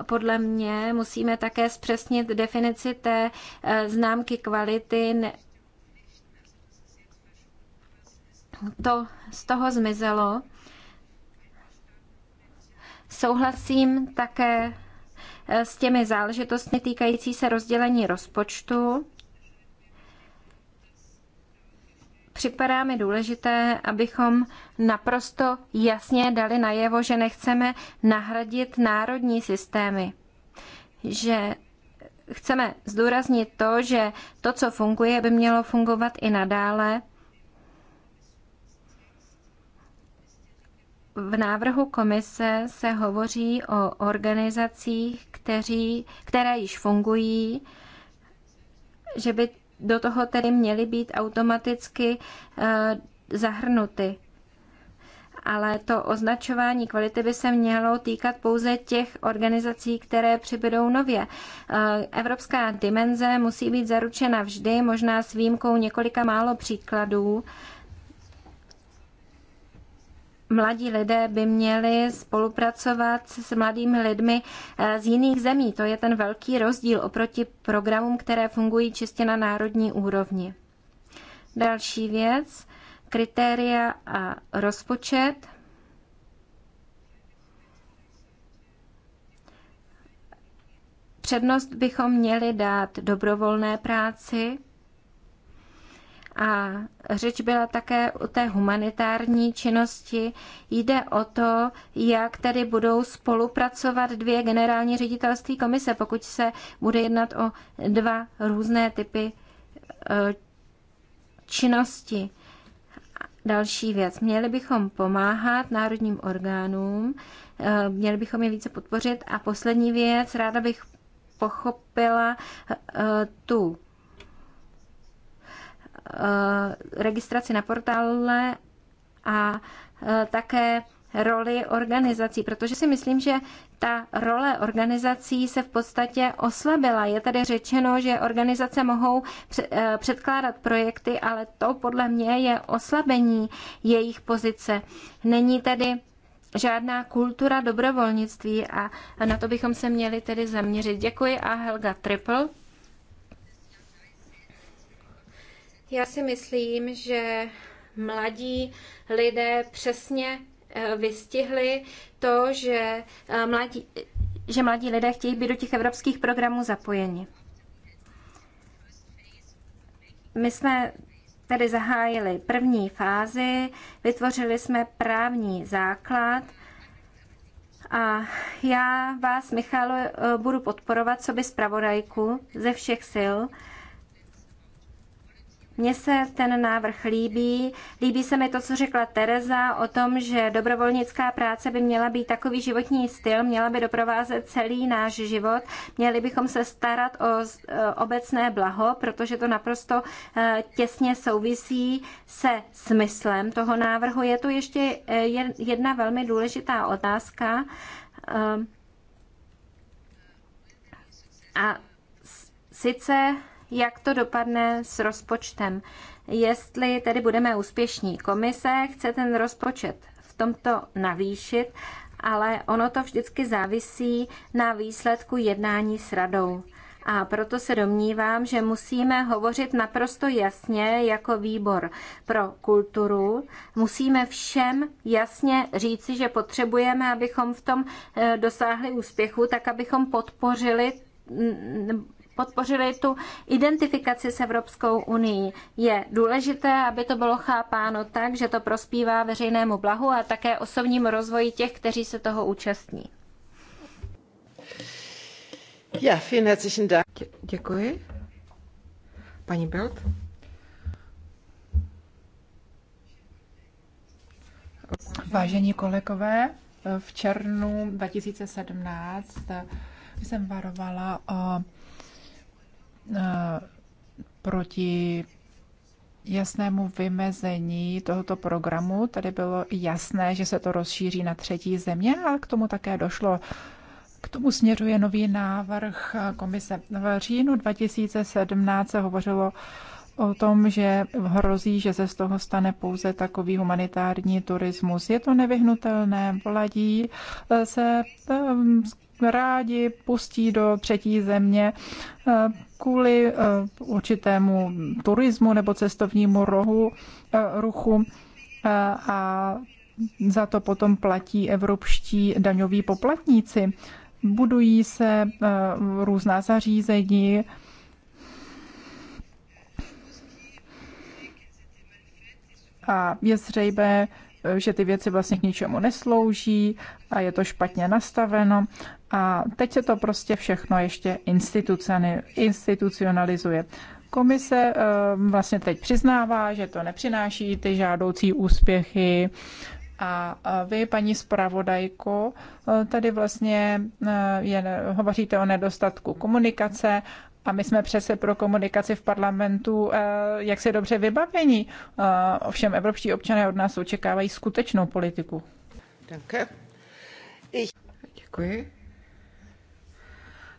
[SPEAKER 1] Podle mě musíme také zpřesnit definici té eh, známky kvality. To z toho zmizelo. Souhlasím také eh, s těmi záležitostmi týkající se rozdělení rozpočtu. připadá mi důležité, abychom naprosto jasně dali najevo, že nechceme nahradit národní systémy. Že chceme zdůraznit to, že to, co funguje, by mělo fungovat i nadále. V návrhu komise se hovoří o organizacích, kteří, které již fungují, že by do toho tedy měly být automaticky eh, zahrnuty ale to označování kvality by se mělo týkat pouze těch organizací, které přibydou nově. Eh, evropská dimenze musí být zaručena vždy, možná s výjimkou několika málo příkladů, mladí lidé by měli spolupracovat s mladými lidmi eh, z jiných zemí. To je ten velký rozdíl oproti programům, které fungují čistě na národní úrovni. Další věc, kritéria a rozpočet. Přednost bychom měli dát dobrovolné práci, a řeč byla také o té humanitární činnosti. Jde o to, jak tady budou spolupracovat dvě generální ředitelství komise, pokud se bude jednat o dva různé typy e, činnosti. Další věc. Měli bychom pomáhat národním orgánům, e, měli bychom je více podpořit. A poslední věc, ráda bych pochopila e, tu Eh, registraci na portále a eh, také roli organizací, protože si myslím, že ta role organizací se v podstatě oslabila. Je tady řečeno, že organizace mohou eh, předkládat projekty, ale to podle mě je oslabení jejich pozice. Není tedy žádná kultura dobrovolnictví a na to bychom se měli tedy zaměřit. Děkuji a Helga Triple. Já si myslím, že mladí lidé přesně eh, vystihli to, že eh, mladí, že mladí lidé chtějí být do těch evropských programů zapojeni. My jsme tedy zahájili první fázi, vytvořili jsme právní základ a já vás, Michal, eh, budu podporovat, sobě zpravodajku ze všech sil, mně se ten návrh líbí. Líbí se mi to, co řekla Tereza o tom, že dobrovolnická práce by měla být takový životní styl, měla by doprovázet celý náš život. Měli bychom se starat o e, obecné blaho, protože to naprosto e, těsně souvisí se smyslem toho návrhu. Je tu ještě e, jedna velmi důležitá otázka. A sice jak to dopadne s rozpočtem. Jestli tedy budeme úspěšní. Komise chce ten rozpočet v tomto navýšit, ale ono to vždycky závisí na výsledku jednání s radou. A proto se domnívám, že musíme hovořit naprosto jasně jako výbor pro kulturu. Musíme všem jasně říci, že potřebujeme, abychom v tom eh, dosáhli úspěchu, tak abychom podpořili mm, podpořili tu identifikaci s Evropskou unii. Je důležité, aby to bylo chápáno tak, že to prospívá veřejnému blahu a také osobnímu rozvoji těch, kteří se toho účastní.
[SPEAKER 2] Ja, vielen herzlichen Dank. děkuji.
[SPEAKER 4] Paní Belt. Vážení kolegové, v červnu 2017 jsem varovala o Eh, proti jasnému vymezení tohoto programu. Tady bylo jasné, že se to rozšíří na třetí země a k tomu také došlo. K tomu směřuje nový návrh komise. V říjnu 2017 se hovořilo o tom, že hrozí, že se z toho stane pouze takový humanitární turismus. Je to nevyhnutelné, vladí eh, se eh, rádi pustí do třetí země eh, kvůli určitému turismu nebo cestovnímu rohu, ruchu a za to potom platí evropští daňoví poplatníci. Budují se různá zařízení, a je zřejmé, že ty věci vlastně k ničemu neslouží a je to špatně nastaveno. A teď se to prostě všechno ještě institucionalizuje. Komise eh, vlastně teď přiznává, že to nepřináší ty žádoucí úspěchy. A vy, paní zpravodajko, eh, tady vlastně eh, je, hovoříte o nedostatku komunikace a my jsme přece pro komunikaci v parlamentu eh, jak se dobře vybavení. Eh, ovšem evropští občané od nás očekávají skutečnou politiku. Děkuji.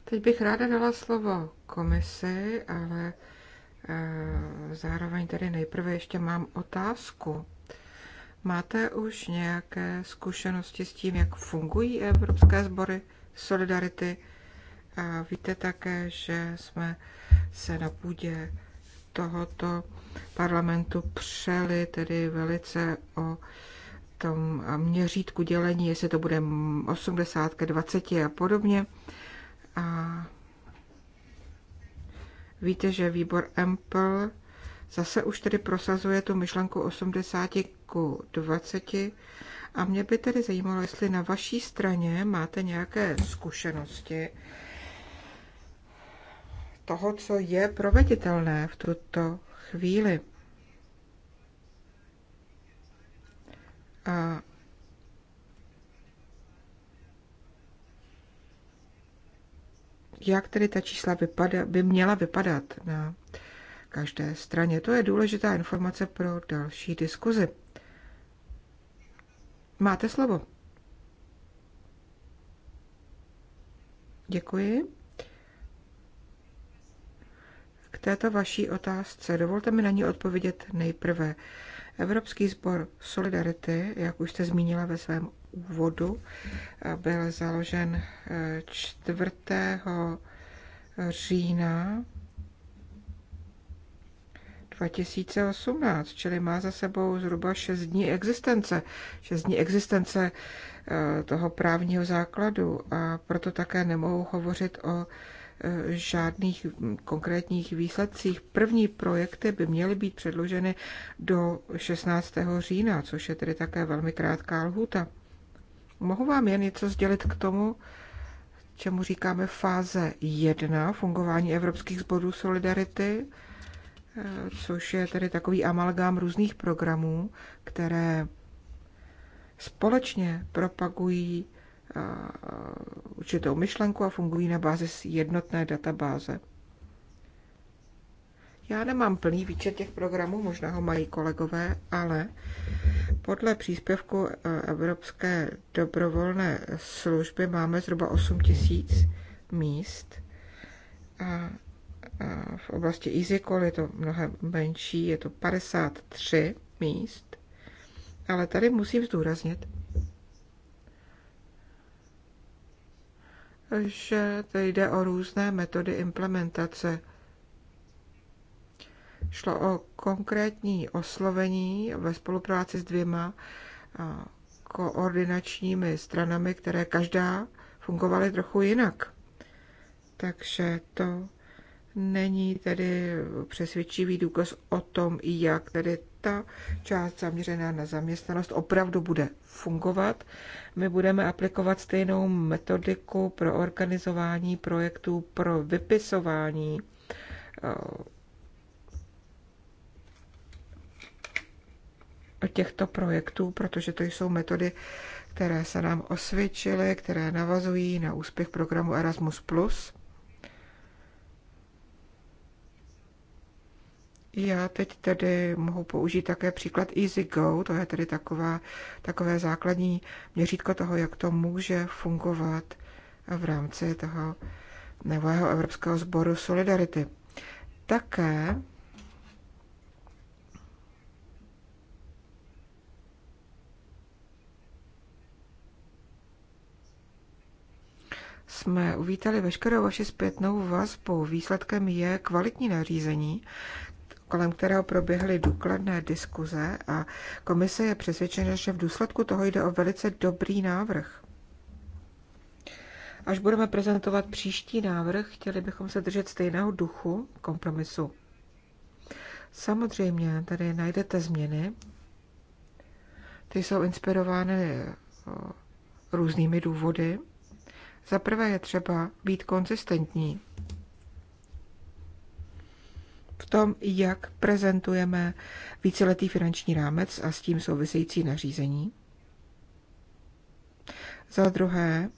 [SPEAKER 2] Teď bych ráda dala slovo
[SPEAKER 4] komisi, ale
[SPEAKER 2] eh, zároveň tady nejprve ještě mám otázku. Máte už nějaké zkušenosti s tím, jak fungují evropské sbory solidarity? A víte také, že jsme se na půdě tohoto parlamentu přeli tedy velice o tom měřítku dělení, jestli to bude 80 ke 20 a podobně. A víte, že výbor Empl zase už tedy prosazuje tu myšlenku 80 ku 20 a mě by tedy zajímalo, jestli na vaší straně máte nějaké zkušenosti toho, co je proveditelné v tuto chvíli. A jak tedy ta čísla vypada, by měla vypadat na každé straně. To je důležitá informace pro další diskuzi. Máte slovo. Děkuji. této vaší otázce. Dovolte mi na ní odpovědět nejprve. Evropský sbor Solidarity, jak už jste zmínila ve svém úvodu, byl založen 4. Eh, října 2018, čili má za sebou zhruba 6 dní existence. 6 dní existence eh, toho právního základu a proto také nemohu hovořit o žádných konkrétních výsledcích. První projekty by měly být předloženy do 16. října, což je tedy také velmi krátká lhůta. Mohu vám jen něco sdělit k tomu, čemu říkáme fáze 1 fungování evropských sborů Solidarity, což je tedy takový amalgám různých programů, které společně propagují určitou myšlenku a fungují na bázi jednotné databáze. Já nemám plný výčet těch programů, možná ho mají kolegové, ale podle příspěvku e, Evropské dobrovolné služby máme zhruba 8 tisíc míst. A v oblasti EasyCall je to mnohem menší, je to 53 míst. Ale tady musím zdůraznit, že jde o různé metody implementace. Šlo o konkrétní oslovení ve spolupráci s dvěma koordinačními stranami, které každá fungovaly trochu jinak. Takže to není tedy přesvědčivý důkaz o tom, jak tedy ta část zaměřená na zaměstnanost opravdu bude fungovat. My budeme aplikovat stejnou metodiku pro organizování projektů, pro vypisování eh, těchto projektů, protože to jsou metody, které se nám osvědčily, které navazují na úspěch programu Erasmus+. Já teď tedy mohu použít také příklad EasyGo, to je tedy taková, takové základní měřítko toho, jak to může fungovat v rámci toho nového Evropského sboru Solidarity. Také jsme uvítali veškerou vaši zpětnou vazbu. Výsledkem je kvalitní nařízení, kolem kterého proběhly důkladné diskuze a komise je přesvědčena, že v důsledku toho jde o velice dobrý návrh. Až budeme prezentovat příští návrh, chtěli bychom se držet stejného duchu kompromisu. Samozřejmě tady najdete změny. Ty jsou inspirovány eh, různými důvody. Za prvé je třeba být konzistentní v tom, jak prezentujeme víceletý finanční rámec a s tím související nařízení. Za druhé,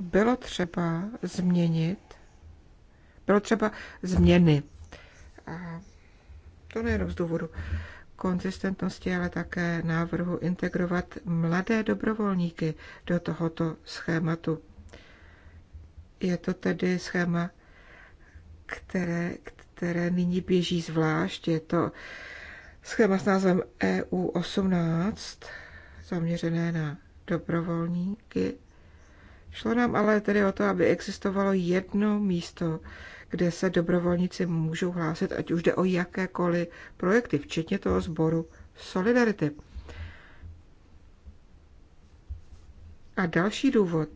[SPEAKER 2] bylo třeba změnit, bylo třeba změny. A to nejenom z důvodu konzistentnosti, ale také návrhu integrovat mladé dobrovolníky do tohoto schématu. Je to tedy schéma které, které nyní běží zvlášť. Je to schéma s názvem EU18, zaměřené na dobrovolníky. Šlo nám ale tedy o to, aby existovalo jedno místo, kde se dobrovolníci můžou hlásit, ať už jde o jakékoliv projekty, včetně toho sboru Solidarity. A další důvod,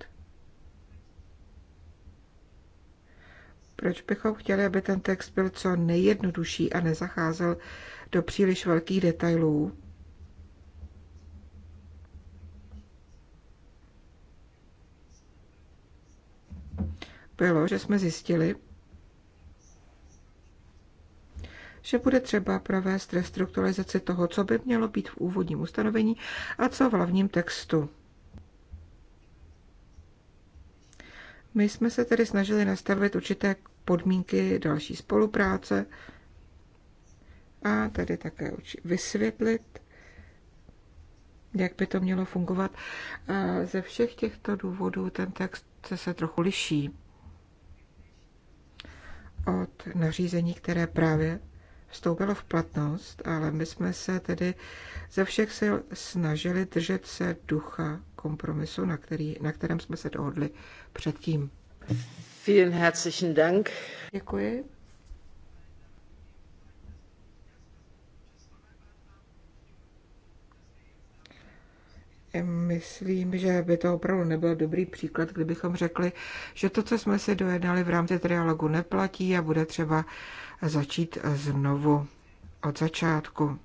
[SPEAKER 2] Proč bychom chtěli, aby ten text byl co nejjednodušší a nezacházel do příliš velkých detailů? Bylo, že jsme zjistili, že bude třeba provést restrukturalizaci toho, co by mělo být v úvodním ustanovení a co v hlavním textu. My jsme se tedy snažili nastavit určité podmínky další spolupráce a tady také vysvětlit, jak by to mělo fungovat. A ze všech těchto důvodů ten text se trochu liší od nařízení, které právě vstoupilo v platnost, ale my jsme se tedy ze všech sil snažili držet se ducha kompromisu, na, který, na kterém jsme se dohodli předtím. Vielen herzlichen Dank. Děkuji. Myslím, že by to opravdu nebyl dobrý příklad, kdybychom řekli, že to, co jsme si dojednali v rámci trialogu, neplatí a bude třeba začít znovu od začátku.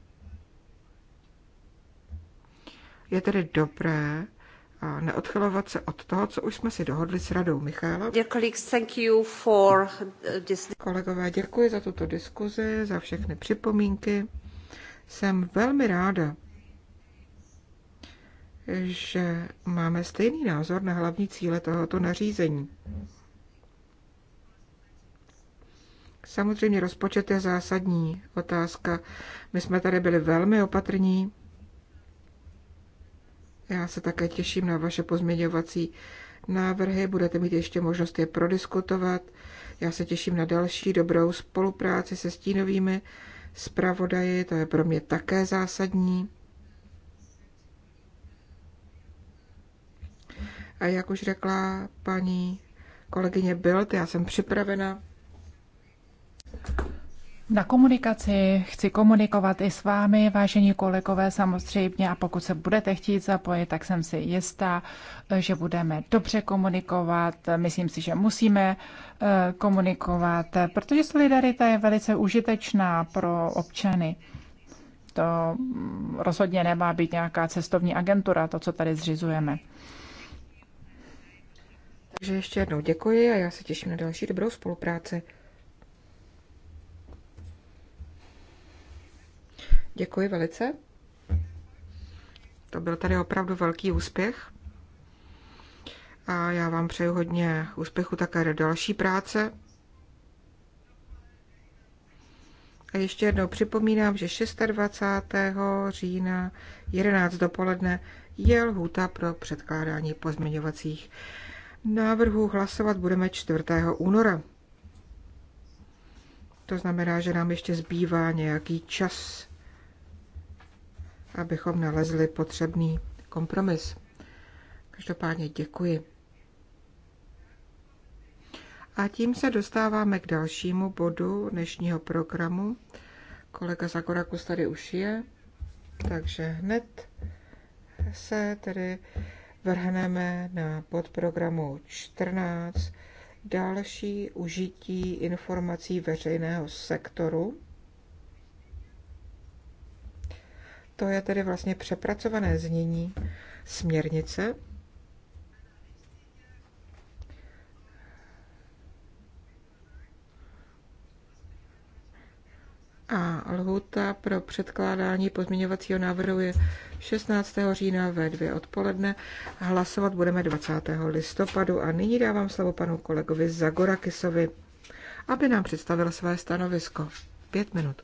[SPEAKER 2] Je tedy dobré, a neodchylovat se od toho, co už jsme si dohodli s radou Michála. thank you for uh, this... Kolegové, děkuji za tuto diskuzi, za všechny připomínky. Jsem velmi ráda, že máme stejný názor na hlavní cíle tohoto nařízení. Samozřejmě rozpočet je zásadní otázka. My jsme tady byli velmi opatrní já se také těším na vaše pozměňovací návrhy, budete mít ještě možnost je prodiskutovat. Já se těším na další dobrou spolupráci se stínovými zpravodaji, to je pro mě také zásadní. A jak už řekla paní kolegyně Bild, já jsem připravena
[SPEAKER 4] na komunikaci, chci komunikovat i s vámi, vážení kolegové, samozřejmě, a pokud se budete chtít zapojit, tak jsem si jistá, že budeme dobře komunikovat. Myslím si, že musíme eh, komunikovat, protože solidarita je velice užitečná pro občany. To mm, rozhodně nemá být nějaká cestovní agentura, to, co tady zřizujeme. Takže ještě jednou děkuji a já se těším na další dobrou spolupráci.
[SPEAKER 2] Děkuji velice. To byl tady opravdu velký úspěch. A já vám přeju hodně úspěchu také do další práce. A ještě jednou připomínám, že 26. října 11 dopoledne je lhůta pro předkládání pozměňovacích návrhů. Hlasovat budeme 4. února. To znamená, že nám ještě zbývá nějaký čas abychom nalezli potřebný kompromis. Každopádně děkuji. A tím se dostáváme k dalšímu bodu dnešního programu. Kolega Zakorakus tady už je, takže hned se tedy vrhneme na podprogramu 14 další užití informací veřejného sektoru. to je tedy vlastně přepracované znění směrnice. A lhuta pro předkládání pozměňovacího návrhu je 16. října ve dvě odpoledne. Hlasovat budeme 20. listopadu. A nyní dávám slovo panu kolegovi Zagorakisovi, aby nám představil své stanovisko. Pět minut.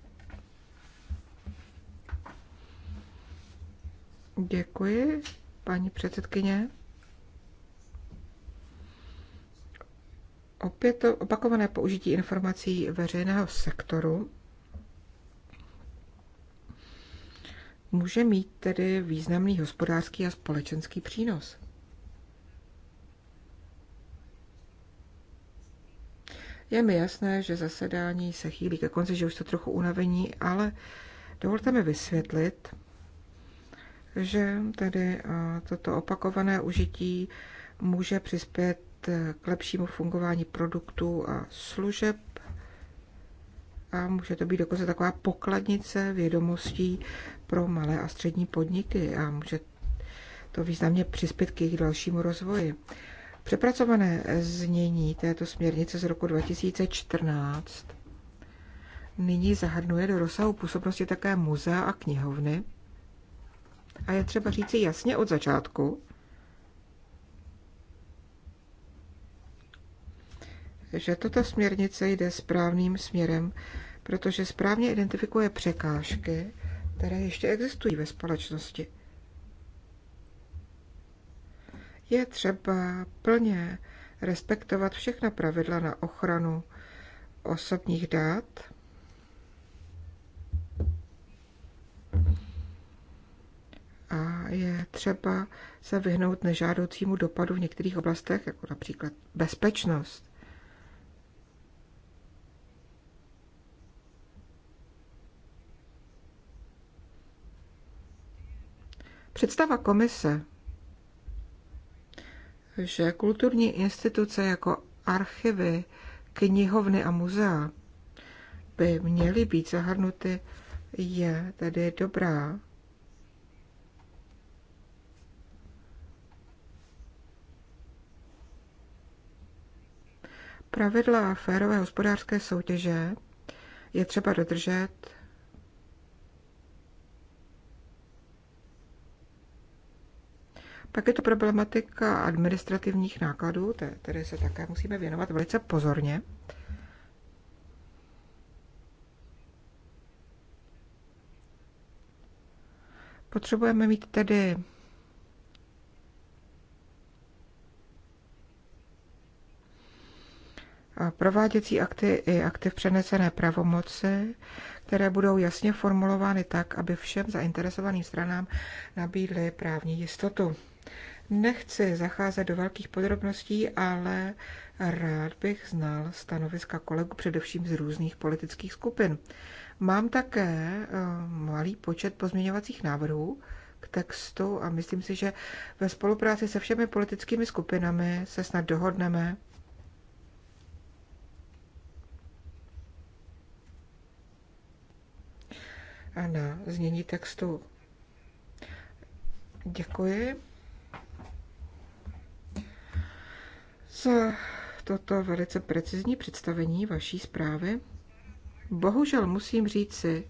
[SPEAKER 2] Děkuji, paní předsedkyně. Opět opakované použití informací veřejného sektoru může mít tedy významný hospodářský a společenský přínos. Je mi jasné, že zasedání se chýlí ke konci, že už jste trochu unavení, ale dovolte mi vysvětlit, že tedy toto opakované užití může přispět e, k lepšímu fungování produktů a služeb a může to být dokonce taková pokladnice vědomostí pro malé a střední podniky a může to významně přispět k jejich dalšímu rozvoji. Přepracované znění této směrnice z roku 2014 nyní zahrnuje do rozsahu působnosti také muzea a knihovny, a je třeba říci jasně od začátku, že tato směrnice jde správným směrem, protože správně identifikuje překážky, které ještě existují ve společnosti. Je třeba plně respektovat všechna pravidla na ochranu osobních dát a je třeba se vyhnout nežádoucímu dopadu v některých oblastech, jako například bezpečnost. Představa komise, že kulturní instituce jako archivy, knihovny a muzea by měly být zahrnuty, je tedy dobrá. Pravidla férové hospodářské soutěže je třeba dodržet Pak je to problematika administrativních nákladů, které se také musíme věnovat velice pozorně. Potřebujeme mít tedy prováděcí akty i akty v přenesené pravomoci, které budou jasně formulovány tak, aby všem zainteresovaným stranám nabídly právní jistotu. Nechci zacházet do velkých podrobností, ale rád bych znal stanoviska kolegů především z různých politických skupin. Mám také eh, malý počet pozměňovacích návrhů k textu a myslím si, že ve spolupráci se všemi politickými skupinami se snad dohodneme a na znění textu. Děkuji za toto velice precizní představení vaší zprávy. Bohužel musím říci,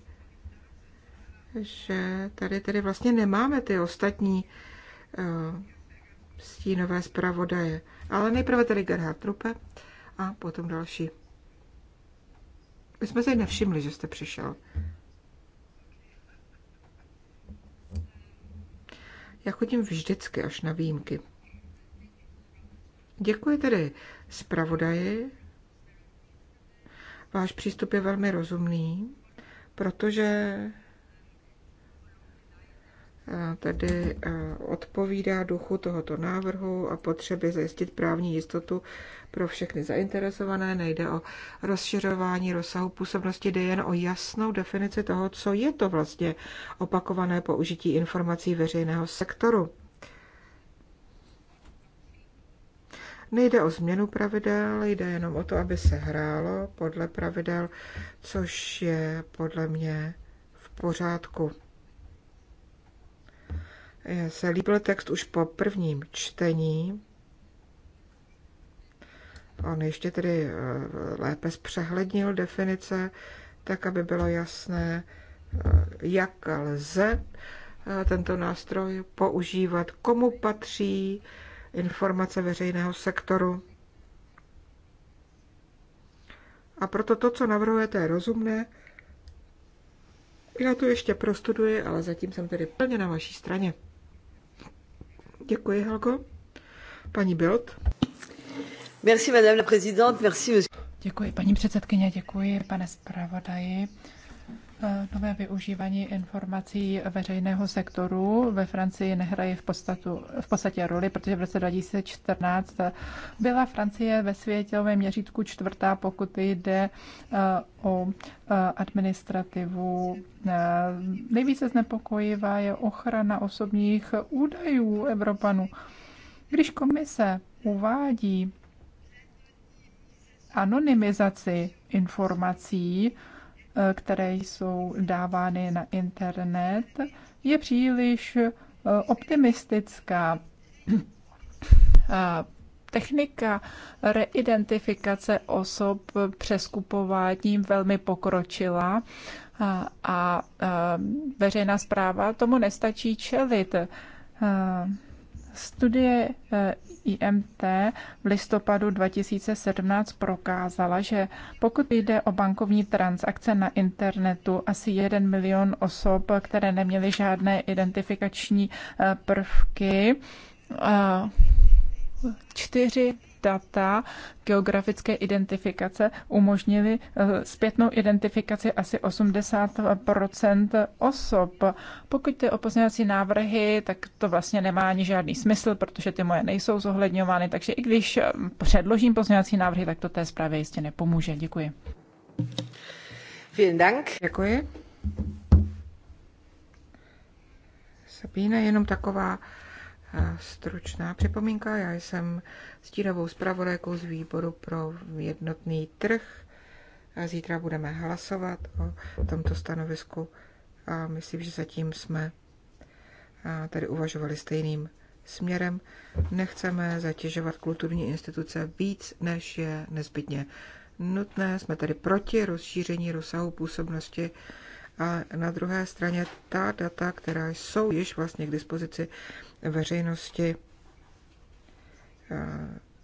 [SPEAKER 2] že tady tedy vlastně nemáme ty ostatní uh, stínové zpravodaje. Ale nejprve tedy Gerhard Trupe a potom další. My jsme si nevšimli, že jste přišel. Já chodím vždycky až na výjimky. Děkuji tedy zpravodaji. Váš přístup je velmi rozumný, protože tedy e, odpovídá duchu tohoto návrhu a potřeby zajistit právní jistotu pro všechny zainteresované. Nejde o rozšiřování rozsahu působnosti, jde jen o jasnou definici toho, co je to vlastně opakované použití informací veřejného sektoru. Nejde o změnu pravidel, jde jenom o to, aby se hrálo podle pravidel, což je podle mě v pořádku se líbil text už po prvním čtení. On ještě tedy eh, lépe zpřehlednil definice, tak aby bylo jasné, eh, jak lze eh, tento nástroj používat, komu patří informace veřejného sektoru. A proto to, co navrhujete, je rozumné. Já to ještě prostuduji, ale zatím jsem tedy plně na vaší straně. Děkuji, Helko. Paní Bild.
[SPEAKER 4] Merci, madame la présidente. Merci, monsieur. Děkuji, paní předsedkyně, děkuji, pane zpravodaji. Eh, nové využívání informací veřejného sektoru ve Francii nehraje v, podstatu, v podstatě roli, protože v roce 2014 byla Francie ve světovém měřítku čtvrtá, pokud jde eh, o eh, administrativu. Nejvíce znepokojivá je ochrana osobních údajů Evropanů. Když komise uvádí anonymizaci informací, Eh, které jsou dávány na internet, je příliš eh, optimistická. Technika reidentifikace osob přeskupováním velmi pokročila a eh, veřejná zpráva tomu nestačí čelit. Studie eh, IMT v listopadu 2017 prokázala, že pokud jde o bankovní transakce na internetu, asi 1 milion osob, které neměly žádné identifikační eh, prvky, 4 eh, data geografické identifikace umožnily eh, zpětnou identifikaci asi 80 osob. Pokud ty opozněvací návrhy, tak to vlastně nemá ani žádný smysl, protože ty moje nejsou zohledňovány, takže i když eh, předložím pozměňovací návrhy, tak to té zprávě jistě nepomůže. Děkuji.
[SPEAKER 2] Vielen Dank. Děkuji. Sabína, jenom taková eh, stručná připomínka. Já jsem stínovou zpravodajkou z výboru pro jednotný trh. A zítra budeme hlasovat o tomto stanovisku a myslím, že zatím jsme tady uvažovali stejným směrem. Nechceme zatěžovat kulturní instituce víc, než je nezbytně nutné. Jsme tedy proti rozšíření rozsahu působnosti a na druhé straně ta data, která jsou již vlastně k dispozici veřejnosti,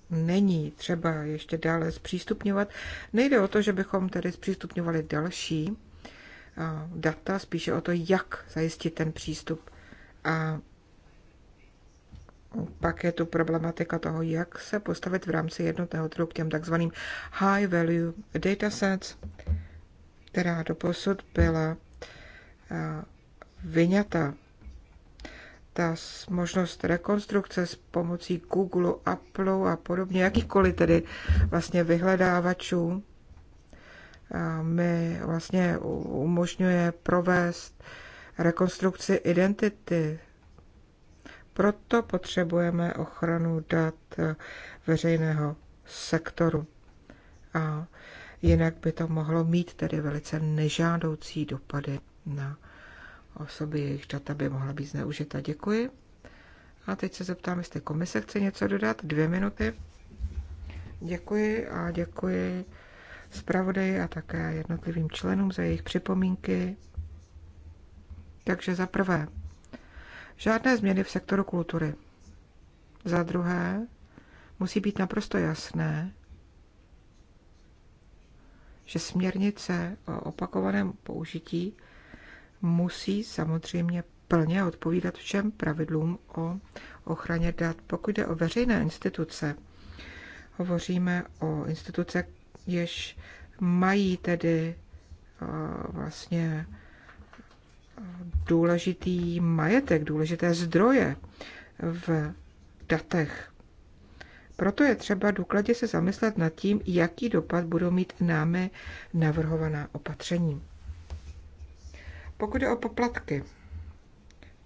[SPEAKER 2] není třeba ještě dále zpřístupňovat. Nejde o to, že bychom tedy zpřístupňovali další data, spíše o to, jak zajistit ten přístup. A pak je tu problematika toho, jak se postavit v rámci jednotného trhu k těm takzvaným high value datasets, která do posud byla vyňata ta možnost rekonstrukce s pomocí Google, Apple a podobně, jakýchkoliv tedy vlastně vyhledávačů, mi vlastně umožňuje provést rekonstrukci identity. Proto potřebujeme ochranu dat e, veřejného sektoru. A jinak by to mohlo mít tedy velice nežádoucí dopady na osoby, jejich data by mohla být zneužita. Děkuji. A teď se zeptám, jestli komise chce něco dodat. Dvě minuty. Děkuji a děkuji zpravodaji a také jednotlivým členům za jejich připomínky. Takže za prvé, žádné změny v sektoru kultury. Za druhé, musí být naprosto jasné, že směrnice o opakovaném použití musí samozřejmě plně odpovídat všem pravidlům o ochraně dat. Pokud jde o veřejné instituce, hovoříme o instituce, jež mají tedy eh, vlastně eh, důležitý majetek, důležité zdroje v datech. Proto je třeba důkladně se zamyslet nad tím, jaký dopad budou mít námi navrhovaná opatření. Pokud je o poplatky,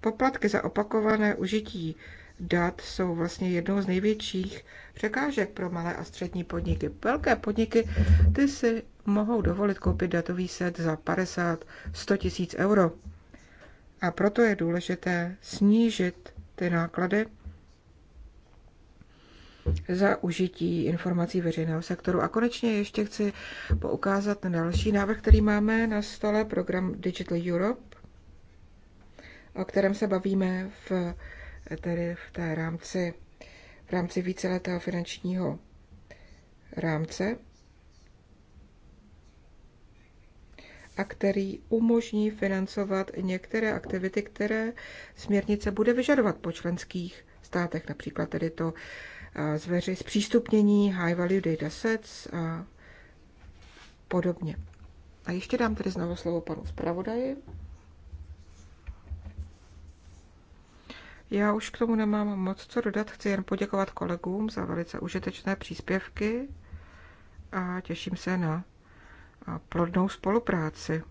[SPEAKER 2] poplatky za opakované užití dat jsou vlastně jednou z největších překážek pro malé a střední podniky. Velké podniky, ty si mohou dovolit koupit datový set za 50, 100 tisíc euro. A proto je důležité snížit ty náklady za užití informací veřejného sektoru. A konečně ještě chci poukázat na další návrh, který máme na stole, program Digital Europe, o kterém se bavíme v, tedy v té rámci, v rámci víceletého finančního rámce a který umožní financovat některé aktivity, které směrnice bude vyžadovat po členských státech, například tedy to zveři zpřístupnění high value data sets a podobně. A ještě dám tedy znovu slovo panu zpravodaji. Já už k tomu nemám moc co dodat, chci jen poděkovat kolegům za velice užitečné příspěvky a těším se na plodnou spolupráci.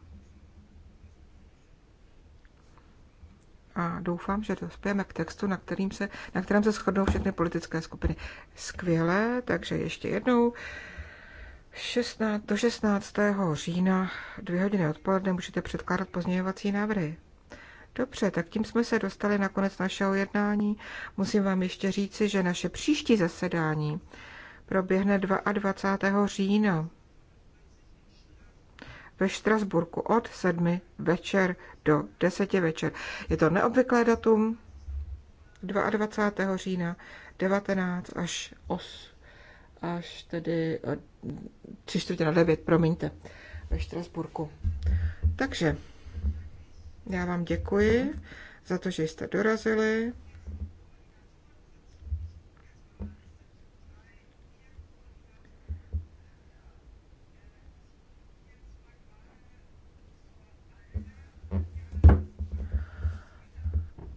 [SPEAKER 2] a doufám, že dospějeme k textu, na, kterým se, na kterém se shodnou všechny politické skupiny. Skvělé, takže ještě jednou. 16, do 16. října dvě hodiny odpoledne můžete předkládat pozměňovací návrhy. Dobře, tak tím jsme se dostali na konec našeho jednání. Musím vám ještě říci, že naše příští zasedání proběhne 22. října ve Štrasburku od 7 večer do 10 večer. Je to neobvyklé datum 22. října 19 až 8 až tedy 3 eh, čtvrtě na 9, promiňte, ve Štrasburku. Takže já vám děkuji za to, že jste dorazili.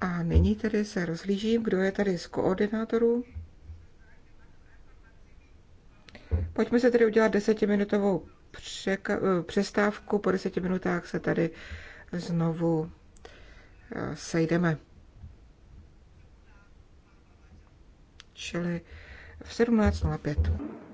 [SPEAKER 2] A nyní tedy se rozhlížím, kdo je tady z koordinátorů. Pojďme se tedy udělat desetiminutovou přestávku. Po deseti minutách se tady znovu eh, sejdeme. Čili v 17.05.